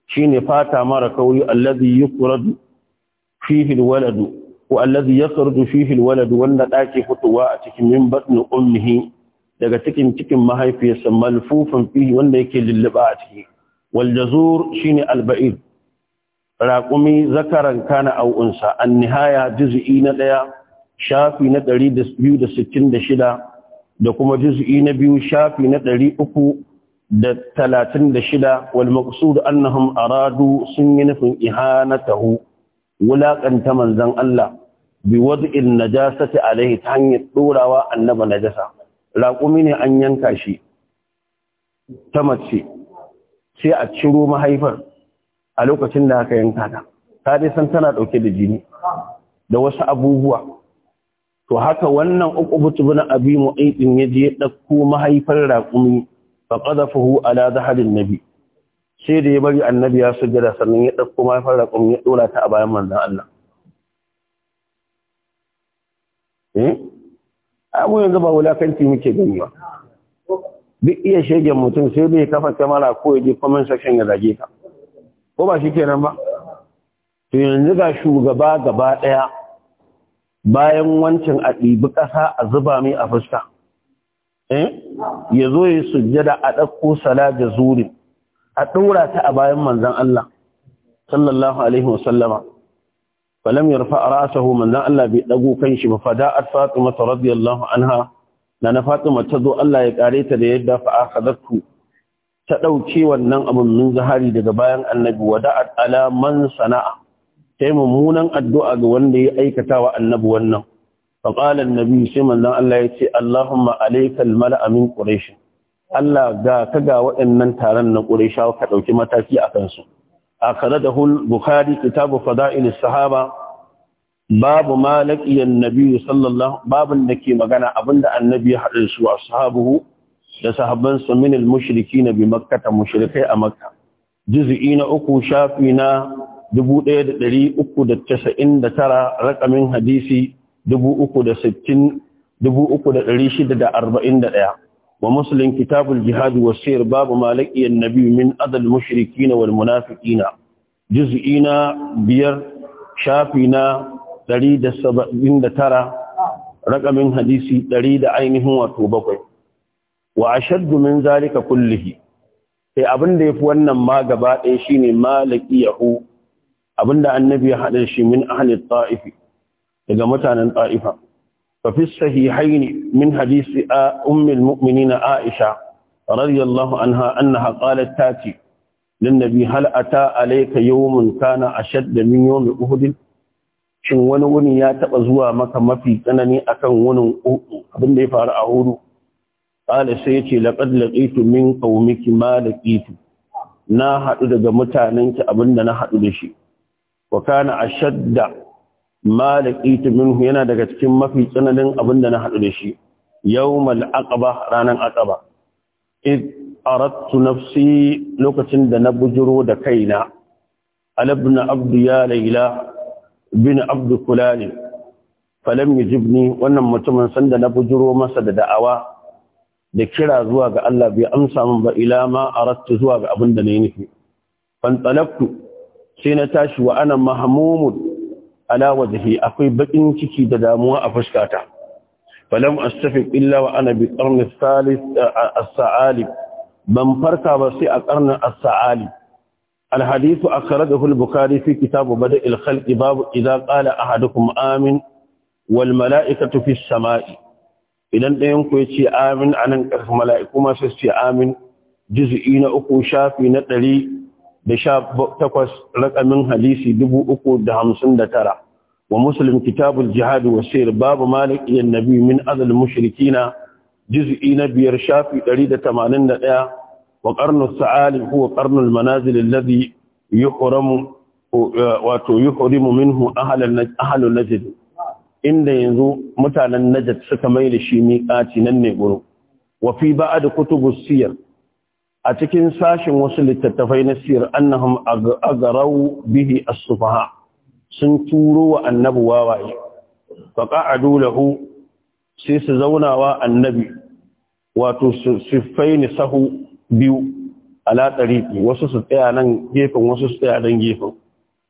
shine fata mara kauri allazi yukradu fihi al-waladu ko allazi yakhruju fihi alwalad wanda da ke fitowa a cikin min daga cikin cikin mahaifiyarsa malfufan fihi wanda yake lulluba a ciki wal shine alba'id raqumi zakaran kana aw unsa an nihaya juz'i na daya shafi na 266 da kuma juz'i na biyu shafi na 336 wal maqsud annahum aradu sun yi nufin ihanatahu wulaƙanta manzan Allah bi wad'in najasati alaihi ta hanyar ɗorawa annaba najasa raƙumi ne an yanka shi ta mace sai a ciro mahaifar a lokacin da haka yanka ta ta dai san tana ɗauke da jini da wasu abubuwa to haka wannan uku bin abi ya je ya ɗauko mahaifar raƙumi fa qadafahu ala zaharin nabi sai da ya bari annabi ya sujjada sannan ya ɗauko ma fara ya ɗora ta a bayan manzan Allah. Eh? Abu yanzu ba wulakanci muke gani ba. Duk iya shegen mutum sai da ya kafa kamara ko ya je comment section ya zage ka. Ko ba shi kenan ba? To yanzu ga shugaba gaba ɗaya bayan wancan a ɗibi ƙasa a zuba mai a fuska. Eh? Ya zo ya sujjada a ɗauko sala da zurin. a ɗora ta a bayan manzan Allah sallallahu alaihi wasallama falam a ra'sahu manzan Allah bai kan kanshi ba fada'at Fatima radiyallahu anha na Fatima ta zo Allah ya kare ta da yadda fa akhadatu ta ɗauke wannan abun min zahari daga bayan annabi wada'at ala man sana'a yi mummunan addu'a ga wanda ya aikata wa annabi wannan faƙalar nabi sai manzan Allah ya ce Allahumma alaikal mala'a min Allah ga ka ga waɗannan taron na Qurayshawa ka ɗauki mataki a kansu akhadahu al-Bukhari kitabu fada'il sahaba babu ma laqiya nabi sallallahu da ke magana abinda annabi ya hada su sahabuhu da sahabban sa min al-mushrikin bi makkah mushrikai a makka juz'i na uku shafi na 1399 rakamin hadisi 360 3641 ومسلم كتاب الجهاد والسير باب ما لقي النبي من أذى المشركين والمنافقين جزئنا بير شافنا دريد السبعين ترى رقم حديثي دريد عينه وتوبقه وأشد من ذلك كله sai abin da ya fi wannan ma gaba ɗaya shi ne malaki yahu abin da annabi ya haɗa shi min ahalin ta'ifi daga mutanen ta'ifa ففي الصحيحين من حديث أم المؤمنين عائشة رضي الله عنها أنها قالت تاتي للنبي هل أتى عليك يوم كان أشد من يوم أهد shin wani wuni ya taɓa zuwa maka mafi tsanani akan wunin abin da ya faru a hudu ƙala sai ya ce laƙad laƙitu min ƙaumiki ma laƙitu na haɗu daga mutanenki abin da na haɗu da shi wa kana ashadda Malik ita minhu yana daga cikin mafi tsananin abin da na hadu da shi yawmal aqaba ranan aqaba id aradtu nafsi lokacin da na bujuro da kaina alabna abdu ya layla bin abdu kulani falam yujibni wannan mutumin sanda na bujuro masa da da'awa da kira zuwa ga Allah bai amsa min ba ila ma aradtu zuwa ga abin da na yi nufi fantalaktu sai na tashi wa ana mahmumud ala wajhi akwai bakin ciki da damuwa a fuskata falam astafiq illa wa ana bi qarn thalith as-sa'alib ban farka ba sai a qarnin as-sa'alib الحديث أخرجه البخاري في كتاب بدء الخلق باب إذا قال أحدكم آمن والملائكة في sama'i. idan ɗayan ku ya ce amin a nan ƙarfi mala'iku masu ce amin juzi'i na uku shafi na ɗari da sha takwas rakamin hadisi dubu uku da hamsin da tara wa muslim kitabul jihad wa babu malik yan nabi min azal mushrikina juz'i na biyar shafi 181 wa qarnu sa'alim huwa qarnu al manazil alladhi yuhramu wa yi yuhrimu minhu ahlan ahlu najd inda yanzu mutanen najd suka mai da shi miƙaci nan ne wafi wa fi da kutubus siyar a cikin sashin wasu littattafai na siyar annahum agarau bihi as-sufaha sun turo wa annabi wawaye fa qa'adu lahu sai su zauna wa annabi wato sifaini sahu biyu ala tariqi wasu su tsaya nan gefen wasu su tsaya nan gefen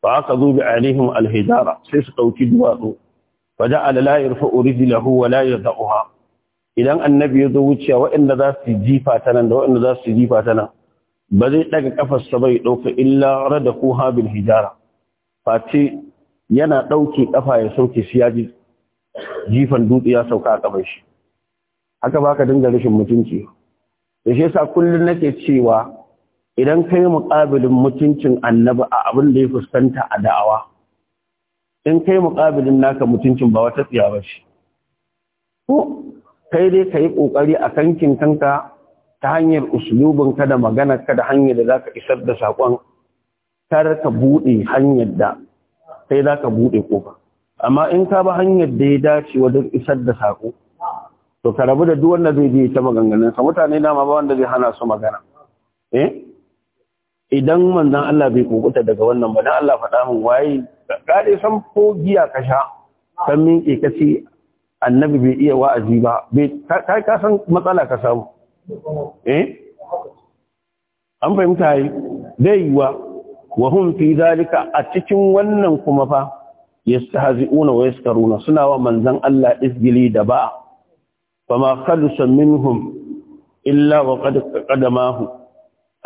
fa aka zo bi alaihim al sai su dauki duwatsu fa ja'ala la yarfa'u rijlahu wa la idan annabi ya zo wuciya waɗanda za su jifa ta nan da waɗanda za su jifa ta nan ba zai ɗaga ƙafarsa bai ɗauka illa rada ko habin hijara face yana ɗauke ƙafa ya sauke shi ya ji jifan dutse ya sauka a ƙafar shi haka ba ka dinga rashin mutunci da shi yasa kullum nake cewa idan ka yi muƙabilin mutuncin annabi a abin da ya fuskanta a da'awa in kai muƙabilin naka mutuncin ba wata tsiya ba shi kai dai ka yi ƙoƙari a kankin kanka ta hanyar usulubinka da ka da hanyar da za ka isar da saƙon kar ka buɗe hanyar da sai za ka buɗe ƙofa amma in ka ba hanyar da ya dace wajen isar da saƙo to ka rabu da duk wanda zai je ta maganganun sa mutane dama ba wanda zai hana su magana eh? idan manzon Allah bai kokuta daga wannan ba dan Allah faɗa min waye ka san ko giya ka sha san minke ka ce annabi bai iya wa'azi ba bai ka san matsala ka samu eh an fahimta yi dai wa wa hum fi zalika a cikin wannan kuma fa yastahzi'una wa yaskaruna suna wa manzan Allah isgili da ba ma khalusa minhum illa wa qad qadamahu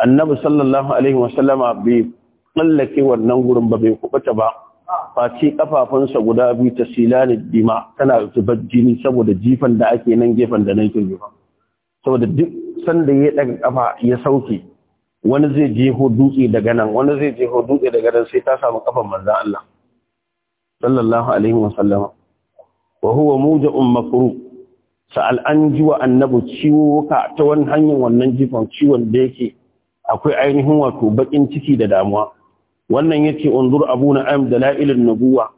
annabi sallallahu alaihi wasallama bai tsallake wannan gurin ba bai kubata ba face kafafunsa guda biyu ta silani dima tana zubar jini saboda jifan da ake nan gefen da nan ke saboda duk sanda ya daga kafa ya sauke wani zai jeho dutse daga nan wani zai jeho dutse daga nan sai ta samu kafan manzon Allah sallallahu alaihi sallama wa huwa muja'un mafru sa'al an wa Annabu ciwo ka ta wani hanyar wannan jifan ciwon da yake akwai ainihin wato bakin ciki da damuwa wannan yace unzur abu na'am dalailun nubuwa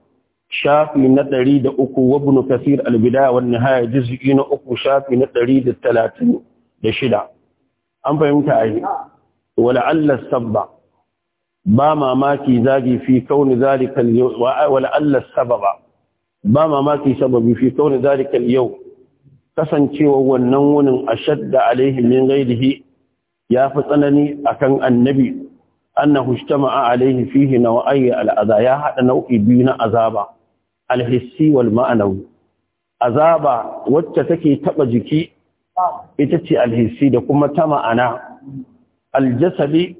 shafi na 103 wa ibn kathir al-bidaya wan nihaya juz'i na 3 shafi na 136 an fahimta ai wala'alla sabba ba mamaki zagi fi kauni ba mamaki sababi fi kauni zalikal yau kasancewa wannan wunin ashadda alaihim min ghairihi ya fi tsanani akan annabi annahu ijtama'a alayhi fihi nawai al'adha ya hada nau'i biyu na azaba alhissi wal ma'anawi azaba wacce take taba jiki ita ce alhissi da kuma ta ma'ana aljasadi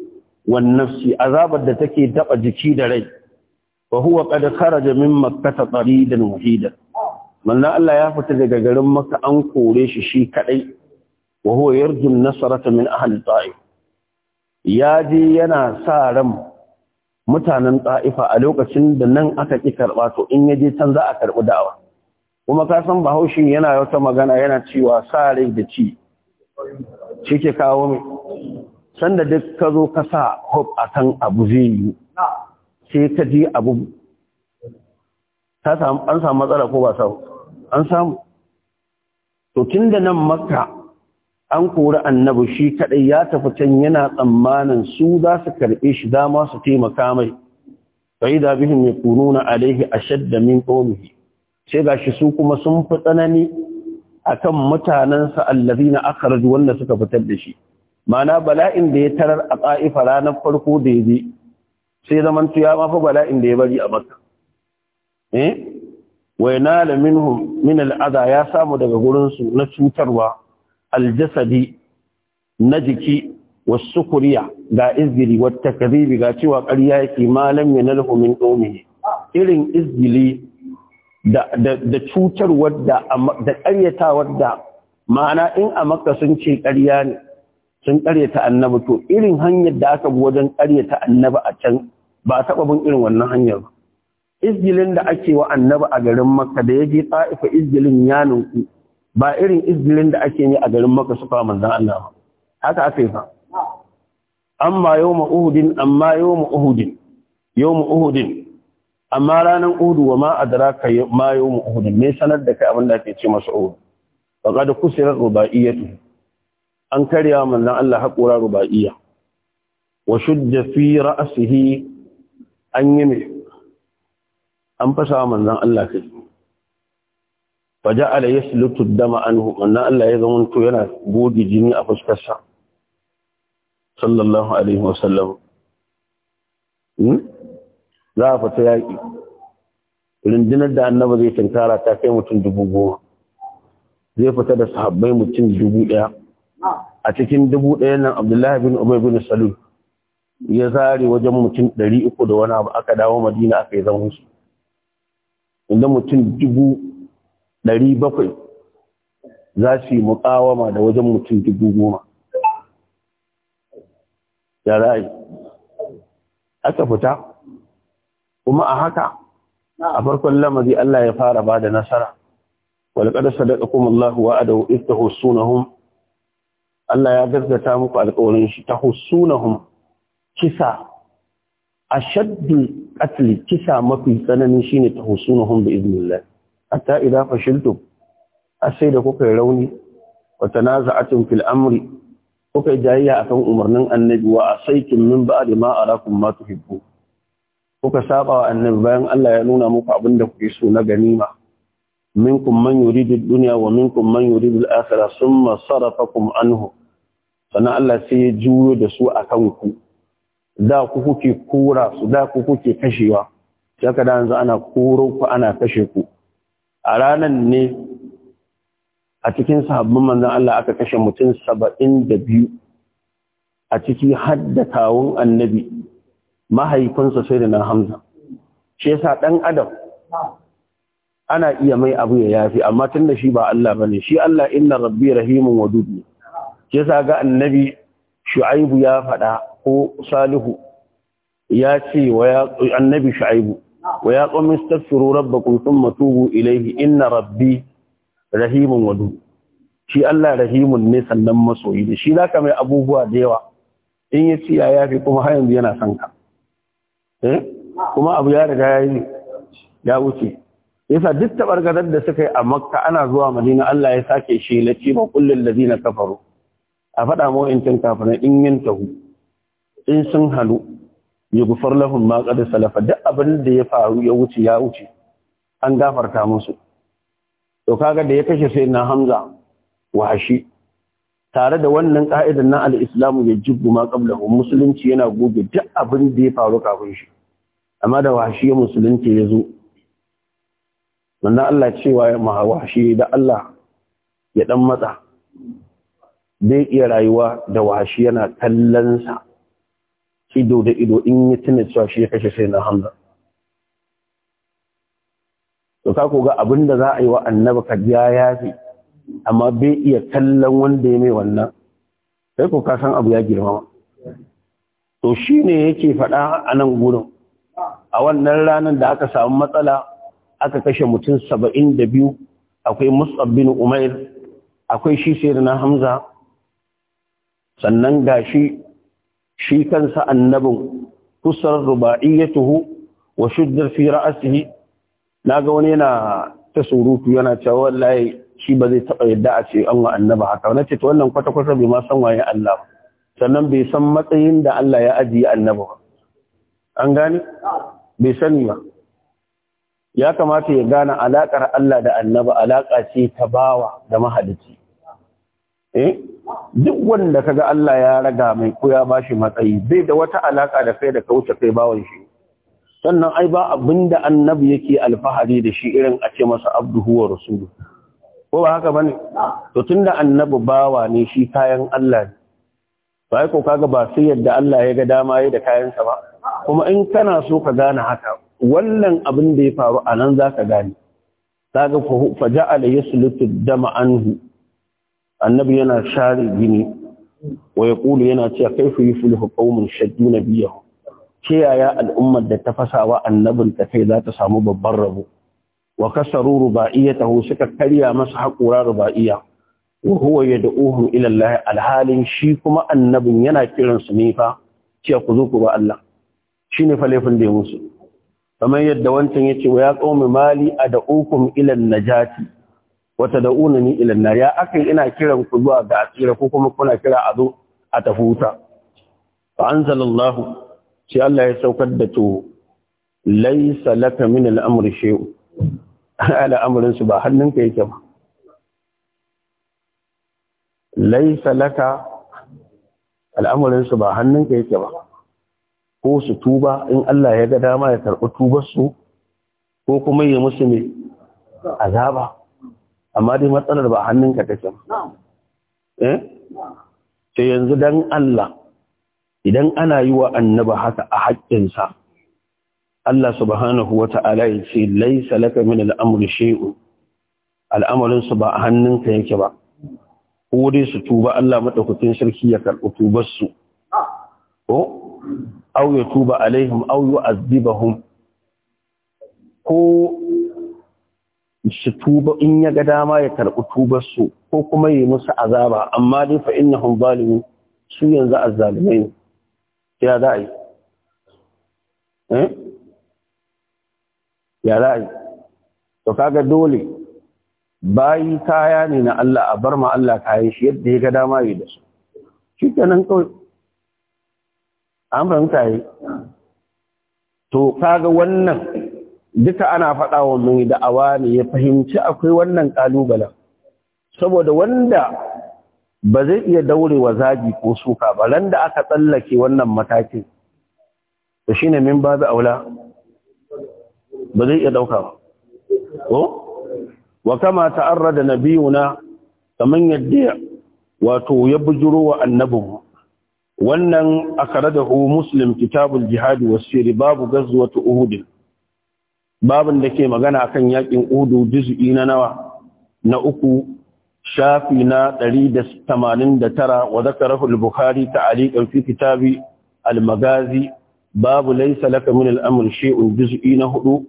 wan nafsi azabar da take taba jiki da rai wa huwa qad kharaja min makkah taridan wahidan manzo Allah ya fita daga garin Makka an kore shi shi kadai wa huwa yarju nasarata min ahli ta'if ya je yana sa ran mutanen tsa'ifa a lokacin da nan aka ƙi karɓa to in ya je can za a karɓi dawa. kuma ka san bahaushe yana wata magana yana cewa sa rai da ci shi ke kawo mai sanda duk ka zo ka sa hop a kan abu zai yi sai ka je abu an samu matsala ko ba sau an samu to tun da nan makka an kori annabi shi kadai ya tafi can yana tsammanin su za su karbe shi dama su taimaka mai faida bihim yakununa alaihi shadda min qawmihi sai gashi su kuma sun fi tsanani akan mutanansa aka akhraju wanda suka fitar da shi mana bala'in da ya tarar a ƙa'ifa ranar farko da ya je sai zaman ya mafi bala'in da ya bari a makka eh na da min al'ada ya samu daga gurin su na cutarwa aljasadi na jiki wasu kuriya ga izgili wata kazibi ga cewa ƙarya yake malam ya nalhu min ɗomi irin izgili da cutarwar da ƙaryatawar da ma'ana in a makka sun ce ƙarya ne sun ƙaryata annabi to irin hanyar da aka bi wajen ƙaryata annabi a can ba a taɓa bin irin wannan hanyar ba izgilin da ake wa annabi a garin makka da ya je ta'ifa izgilin ya nunku ba irin izinin da ake yi a garin maka suka manzan Allah haka aka yi fa amma yau Uhudin, amma yau Uhudin, yau ma'uhudin amma ranar uhudu wa ma a dara ka ma yau uhudin ne sanar da kai abin da ake ce masu uhudu ba ka da kusurar ruba'iyyatu an karya manzan Allah haƙura ruba'iyya wa shudda fi ra'asihi an yi ne, an fasa manzan Allah kai Faja فجعل يسلط الدم Allah ya zama to yana بودي jini a fuskarsa sallallahu alaihi wasallam za a fata yaƙi rundunar da annaba zai tankara ta kai mutum dubu goma zai fita da sahabbai mutum dubu ɗaya a cikin dubu ɗaya nan abdullahi bin umar bin salul ya zare wajen mutum ɗari uku da wani abu aka dawo madina aka yi zaman su inda mutum dubu ɗari bakwai za su yi muƙawama da wajen mutum dubu goma ya ra'ayi aka fita kuma a haka a farkon lamari Allah ya fara ba da nasara walƙar sadaƙaƙum Allah wa a da ita hussunahun Allah ya gaskata muku alƙawarin shi ta hussunahun kisa a shaddu ƙatli kisa mafi tsanani shine ta hussunahun bi iznillah hatta idza fashiltum asai da kuka rauni wa tanaza'atun fil amri kuka jayya akan umarnin annabi wa asaikum min ba'di ma arakum ma tuhibbu kuka saba wa annabi bayan Allah ya nuna muku abin da kuke so na ganima minkum man yuridu ad-dunya wa minkum man yuridu al-akhirah thumma sarafakum anhu sana Allah sai ya juyo da su akan ku da ku kuke kura su da ku kuke kashewa sai yanzu ana koro ku ana kashe ku a ranan ne a cikin sahabban manzon Allah aka kashe mutum saba'in da biyu a ciki hadda kawun annabi mahaifinsa sai da na hamza shi yasa ɗan adam ana iya mai abu ya yafi amma tun da shi ba Allah bane shi Allah inna rabbi rahimun wadud ne shi yasa ga annabi shu'aibu ya faɗa ko salihu ya ce wa annabi shu'aibu waya ya qum istaghfiru rabbakum thumma tubu ilayhi inna rabbi rahimun wadu shi Allah rahimun ne sannan masoyi da shi ka mai abubuwa da yawa in ya ciya ya fi kuma har yana son ka eh? kuma abu ya riga ya yi ya wuce yasa duk tabargadar da suka yi a makka ana zuwa madina Allah ya sake shi lati ma da zina kafaru a faɗa mu in tin in yin tahu in sun halu yughfar lahum ma qad salafa duk abin da ya faru ya wuce ya wuce an gafarta musu to kaga da ya kashe sai na Hamza wahashi tare da wannan ka'idan na al-islamu jibbu ma musulunci yana goge duk abin da ya faru kafin shi amma da wahashi musulunci ya zo wannan Allah cewa wahashi da Allah ya dan matsa zai iya rayuwa da wahashi yana kallon sa ido da ido in yi tuna cewa shi ya kashe sai na hamza to ka ko ga abin da za a yi wa annabi ka biya yafi amma bai iya kallon wanda ya mai wannan sai ko ka san abu ya girma to shi ne yake faɗa a nan gurin a wannan ranar da aka samu matsala aka kashe mutum saba'in da biyu akwai musa bin umair akwai shi sai na hamza sannan gashi shi kansa annabin ya ruba'iyyatuhu wa shuddar fi ra'asihi ga wani yana ta surutu yana cewa wallahi shi ba zai taba yadda a ce Allah annaba haka na ce to wannan kwata kwata bai ma san waye Allah ba sannan bai san matsayin da Allah ya ajiye annaba ba an gane bai sani ba ya kamata ya gane alaƙar Allah da annaba alaka ce ta bawa da mahalici eh duk wanda kaga Allah ya raga mai ko ya bashi matsayi bai da wata alaka da kai da kauce kai bawon shi sannan ai ba abinda annabi yake alfahari da shi irin a ce masa abduhu wa rasulu ko ba haka bane to tunda annabi bawa ne shi kayan Allah ne ba ko kaga ba sai yadda Allah ya ga dama yayi da kayansa ba kuma in kana so ka gane haka wannan abin da ya faru a nan za gane kaga fa ja'ala ya sulutu dama anhu annabi yana share gini wa ya kulu yana cewa kaifu yi fulhu qaumun shaddu nabiyahu ke yaya al'ummar da ta fasawa annabin ta kai za ta samu babban rabo wa kasaru rubaiyatahu suka karya masa haƙura rubaiya wa huwa yad'uhum ila Allah alhalin shi kuma annabin yana kiran su ne fa cewa ku zo ku ba Allah shine fa laifin da ya musu kamar yadda wancan yace wa ya qaumi mali ad'ukum ila najati wata da'una ni ilan nar ya akan ina kiran ku zuwa ga asira ko kuma kuna kira a zo a tafi wuta fa anzalallahu shi Allah ya saukar da to laysa laka min al-amri shay'un al'amarin su ba hannunka yake ba laysa laka al'amarin su ba hannunka yake ba ko su tuba in Allah ya ga dama ya karɓi tubar su ko kuma ya musu ne azaba amma dai matsalar ba hannunka take eh sai yanzu dan Allah idan ana yi wa annaba haka a haƙƙinsa Allah subhanahu wata'ala ya ce laisa laka min al'amri shay'un al'amarin su ba hannunka yake ba ko dai su tuba Allah madaukakin sarki ya karɓi tubar su ko au ya tuba alaihim au yu'azzibahum ko shi tuba in ya ga dama ya karɓi tubar su ko kuma yi musu azaba amma dai fa hun zalimin su yanzu zalimai ne ya za a yi eh? ya za a yi to kaga dole bayi kaya ne na Allah a bar ma Allah kayan shi yadda ya ga dama yi da su shi kenan kawai an fahimta yi to kaga wannan duka ana faɗa wa mai da'awa ne ya fahimci akwai wannan ƙalubalen saboda wanda ba zai iya daure wa zagi ko suka ba ran aka tsallake wannan matakin to shine min babu aula ba zai iya dauka ba ko wa kama ta'arrada nabiyuna kaman yadda wato ya bujuro wa annabin wannan hu muslim kitabul jihad was babu ghazwat uhudin babin da ke magana a kan yakin udu juz'i na nawa na uku shafi na 189 wa zakarahu al-bukhari fi kitabi al-magazi babu laysa laka min al'amur amr shay'un na hudu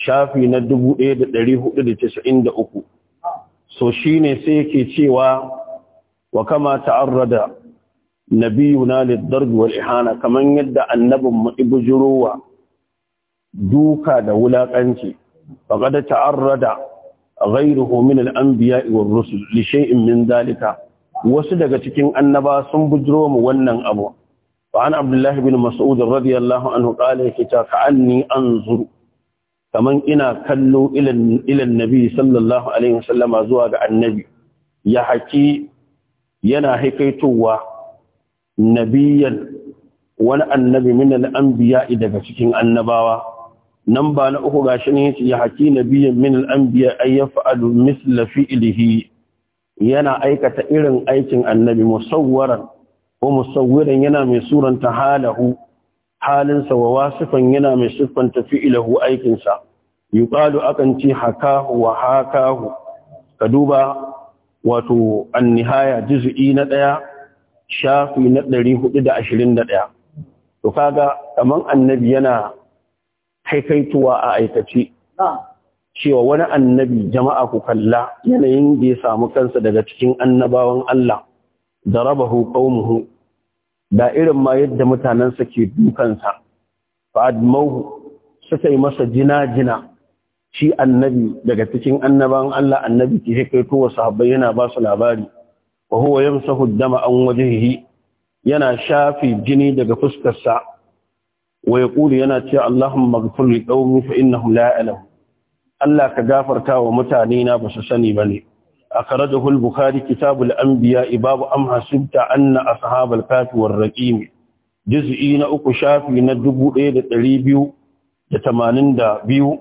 shafi na 1493 so shine sai yake cewa wa kama ta'arrada nabiyuna lid-darb wal-ihana kaman yadda annabun mu duka da wulaƙanci faƙad ta'arrada ghayruhu min al-anbiya'i rusul lishe in min dalika wasu daga cikin annaba sun bujiro mu wannan abu fa an bin ibn mas'ud radiyallahu anhu qala yake ta ka'anni anzuru kaman ina kallo ilan ilan nabi sallallahu alaihi wasallama zuwa ga annabi ya haki yana haikaitowa nabiyan wani annabi min al daga cikin annabawa nan ba na uku gashi ne ya haki nabiyyin min al-anbiya ay yaf'alu misla fi'lihi yana aikata irin aikin annabi musawwaran ko musawwiran yana mai suranta halahu halinsa wa wasifan yana mai siffanta fi'ilahu aikinsa Yuƙalu akan ci hakahu wa hakahu ka duba wato annihaya jizu'i juz'i na ɗaya shafi na 421 to kaga kaman annabi yana haikaituwa a aikace cewa wani annabi jama'a ku kalla yanayin da ya samu kansa daga cikin annabawan Allah da raba qaumuhu da irin ma yadda mutanensa ke dukansa fa suka yi masa jina-jina shi annabi daga cikin annabawan Allah annabi ke haikaito wa sahabbai yana ba su labari wa huwa yamsahu dama an waje yana shafi jini daga fuskarsa Wai yaqulu yana cewa Allahumma ighfir li qaumi fa innahum hula ya'lamun Allah ka gafarta wa mutane na ba su sani bane akhrajahu al-bukhari kitabul an biya babu am hasibta anna a sahabar kafi warraƙi ne. juz'i na uku shafi na biyu.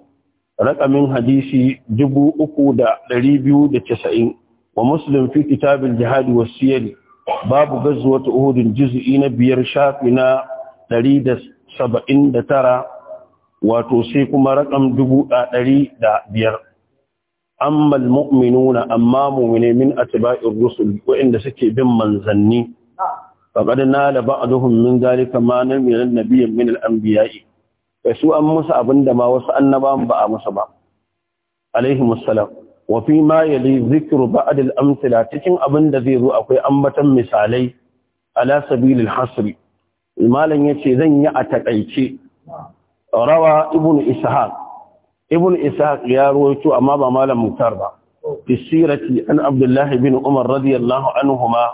Raƙamin hadisi casa'in. wa musulun fi kitab jihadi jihad siyari. Babu babu ghazwat uhud juz'i na biyar shafi na da. saba'in da tara wato sai kuma rakam dubu ɗari da biyar amma mu'minuna amma mu'mine min atba'ir rusul waɗanda suke bin manzanni faqad nala ba'dhum min zalika ma nam min annabiy min al-anbiya'i su an musu da ma wasu annabawan ba a musu ba alaihi musallam wa fi ma yali zikru ba'd al-amthila zai zo akwai ambatan misalai ala sabilil hasri malam ce zan yi a takaice rawa Ibn ishaq Ibn ishaq ya rawaito amma ba malam muktar ba fi sirati an abdullahi bin umar radiyallahu anhuma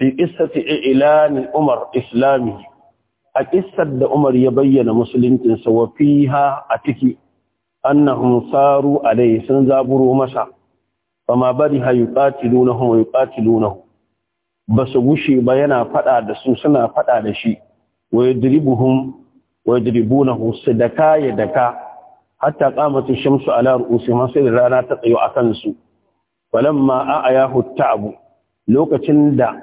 fi qissati ilan umar islami a qissar da umar ya bayyana musuluncinsa sa wa fiha a ciki annahum saru alai sun zaburo masa fama bari ha yuqatilunahu wa yuqatilunahu basu gushe ba yana fada da su suna fada da shi wa yadribuhum wa yadribunahu sadaka ya daka hatta qamat ash-shamsu ala ru'usihim sai da rana ta tsayo a kansu. akan su falamma a'yahu at abu. lokacin da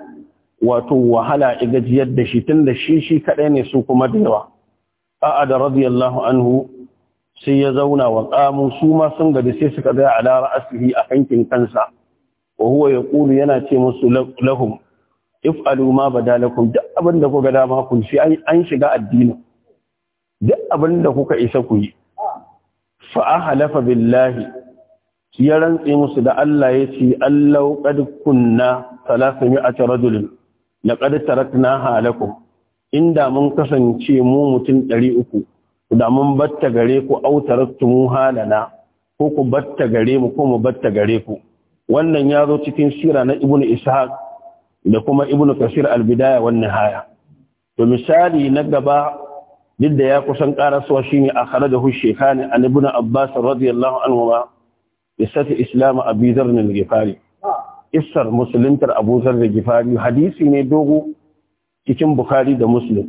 wato wahala gajiyar da shi tun da shi shi kadai ne su kuma da yawa A'a da radiyallahu anhu sai ya zauna wa qamu su ma sun gadi sai suka ga ala ra'asihi a kankin kansa wa ya kulu yana ce musu lahum if'alu ma badalakum duk abin da kuka dama ku sai an shiga addini duk abin da kuka isa ku yi fa ahlafa billahi ya rantse musu da Allah ya ce Allah qad kunna 300 rajulin laqad taraknaha lakum inda mun kasance mu mutum 300 da mun batta gare ku au taraktumu halana ko ku batta gare mu ko mu batta gare ku wannan ya zo cikin sira na ibnu ishaq da kuma ibn kashir albidaya wani haya to misali na gaba duk da ya kusan karasuwa shine akhrajahu shaykhani an ibn abbas radiyallahu anhu ma isati islam abi dharr al-ghifari isar musuluntar abu da gifari hadisi ne dogo cikin bukhari da muslim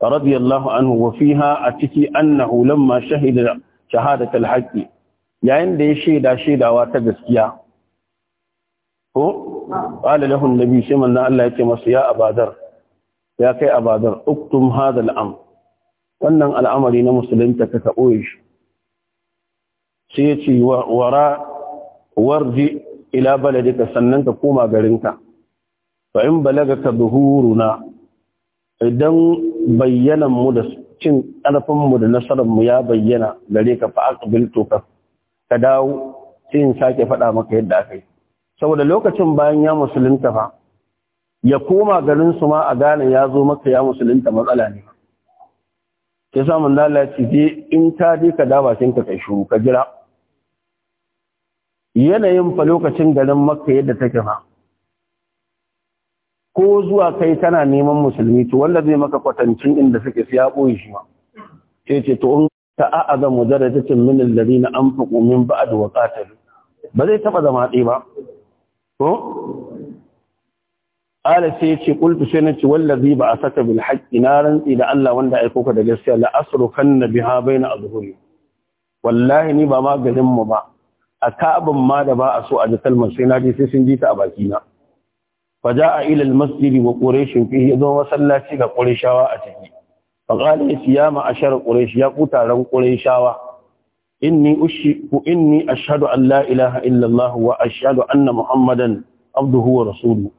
radiyallahu anhu wa fiha a ciki annahu lamma shahida shahadat al yayin da ya shaida shaidawa ta gaskiya ko qala lahu annabi shi manna Allah yake masa ya abadar ya kai abadar uktum hadha al'am wannan al'amari na musulunta ka kaboye shi sai yace wara warji ila baladika sannan ka koma garinka fa in balaga ka zuhuruna idan bayyanan mu da cin ƙarfin mu da nasarar mu ya bayyana gare ka fa aqbil to ka dawo sai in sake faɗa maka yadda akai saboda lokacin bayan ya musulunta fa ya koma garin su ma a gane ya zo maka ya musulunta matsala ne ke samun lalaci je in ka je ka da bakin ka kai shuru ka jira yanayin fa lokacin garin maka yadda take fa ko zuwa kai tana neman musulmi to wanda zai maka kwatancin inda suke siya boye shi ma sai ce to in ta a'azamu darajatin min alladhina anfaqu min ba'd wa qatalu ba zai taɓa zama ɗaya ba ko ala sai ce qultu sai ci wallazi ba a saka bil Na rantsi da Allah wanda aiko ka da gaskiya la biya, biha baina azhuri wallahi ni ba ma garin mu ba a kabin ma da ba a so a ji kalmar sai na ji sai sun ji ta a baki na fa ja'a ila al masjid wa quraish fihi yazo masallaci ga qurayshawa a ciki fa qala yace ya ma ashar quraish ya kutaran qurayshawa inni ushiku inni ashhadu an la ilaha illallah wa ashhadu anna muhammadan abduhu wa rasuluhu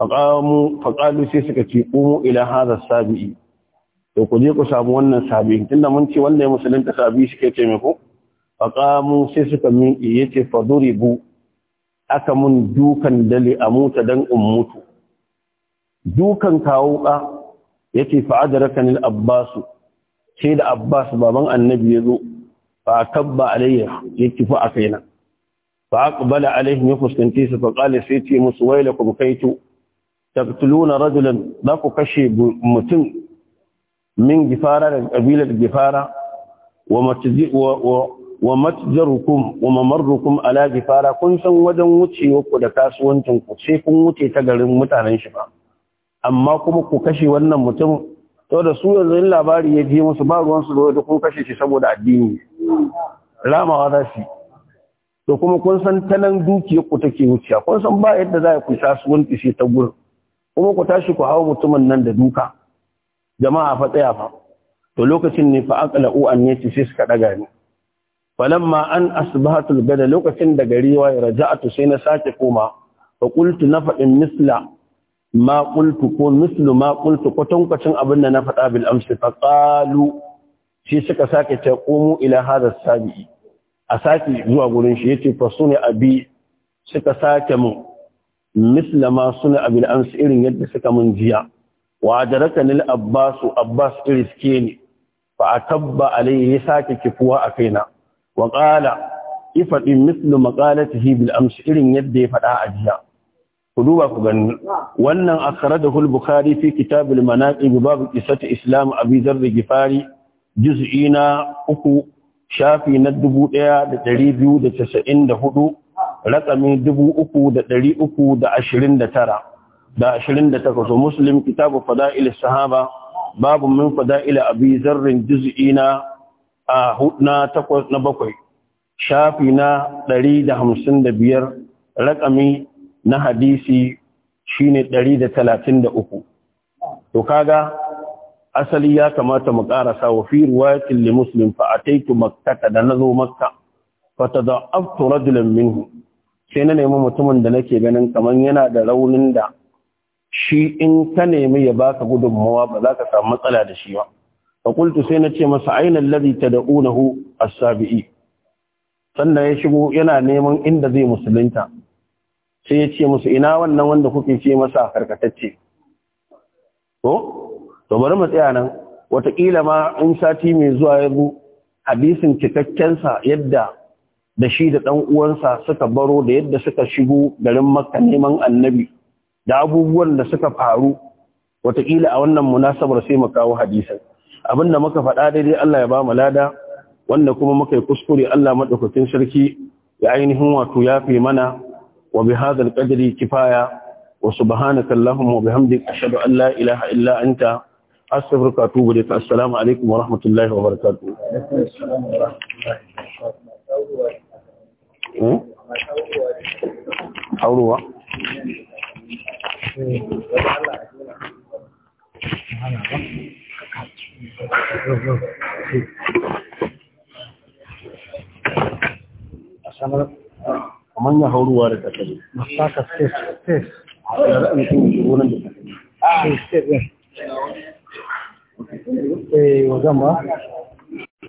faqamu faqalu sai suka ce umu ila hadha sabi'i to ku je ku samu wannan sabi'in tunda mun ce wanda ya musulunta sabi'i suke ke me ko faqamu sai suka miƙe yace faduribu aka mun dukan dali a muta dan in mutu dukan kawo ka yace fa adrakanil abbas sai da abbas baban annabi ya zo fa kabba alayya ya fa a kaina fa aqbala alayhi ya fuskanci su fa qala sai ce musu wailakum kaitu taqtuluna rajulan la ku kashe mutum min gifara da kabilar gifara wa matji wa matjarukum wa mamarukum ala gifara kun san wajen wucewa ku da kasuwancin ku sai kun wuce ta garin mutanen shi ba amma kuma ku kashe wannan mutum to da su yanzu in labari ya je musu ba ruwan su da kun kashe shi saboda addini ramawa za su to kuma kun san ta nan dukiyar ku take wuciya kun san ba yadda za ku kasuwanci shi ta gurin kuma ku tashi ku hawa mutumin nan da duka jama'a fa tsaya fa to lokacin ne fa aqla u an yace sai suka daga ni falamma an asbahatul gada lokacin da gari wa raja'atu sai na sake koma fa qultu na faɗin misla ma qultu ko mislu ma qultu kwatankwacin abin da na faɗa bil amsi fa qalu shi suka sake ta qumu ila hadha sabi'i a sake zuwa gurin shi yace fa suni abi suka sake mu misla ma suna abil amsi irin yadda suka mun jiya wa adraka lil abbas abbas iriske ni fa atabba alayhi ya sake kifuwa a kaina wa qala ifadi mislu maqalatihi bil amsi irin yadda ya faɗa a jiya ku duba ku gani wannan da al-bukhari fi kitabul manaqib babu qisati islam abi zarri gifari juz'i na uku shafi na 1294 raqami 3329 da 28 muslim kitabu fada'il as-sahaba باب من فضائل أبي ذر a hudna takwas na bakwai shafi na 155 raqami na hadisi shi shine 133 to kaga asali ya kamata mu ƙara wa fi riwayatin li muslim fa ataitu makkah da na zo makka fa tada'aftu rajulan minhu sai na nemi mutumin da nake ganin kamar yana da raunin da shi in ka nemi ya baka gudunmawa ba za ka samu matsala da shi ba fa qultu sai na ce masa aina alladhi tad'unahu a sabii sannan ya shigo yana neman inda zai musulunta sai ya ce musu ina wannan wanda kuke ce masa karkatacce ko to bari mu tsaya nan wataƙila ma in sati mai zuwa ya bu hadisin cikakkensa yadda da shi da ɗan uwansa suka baro da yadda suka shigo garin makka neman annabi da abubuwan da suka faru wataƙila a wannan munasabar sai mu kawo hadisin abinda muka faɗa daidai Allah ya ba mu lada wanda kuma muka yi kuskure Allah maɗaukakin sarki ya ainihin wato ya fi mana وبهذا القدر كفاية وسبحانك اللهم وبحمدك أشهد أن لا إله إلا أنت أستغفرك وأتوب إليك السلام عليكم ورحمة الله وبركاته إيه؟ السلام عليكم kamar ya ruwa da takali saka space space da ra'ayin eh, kuma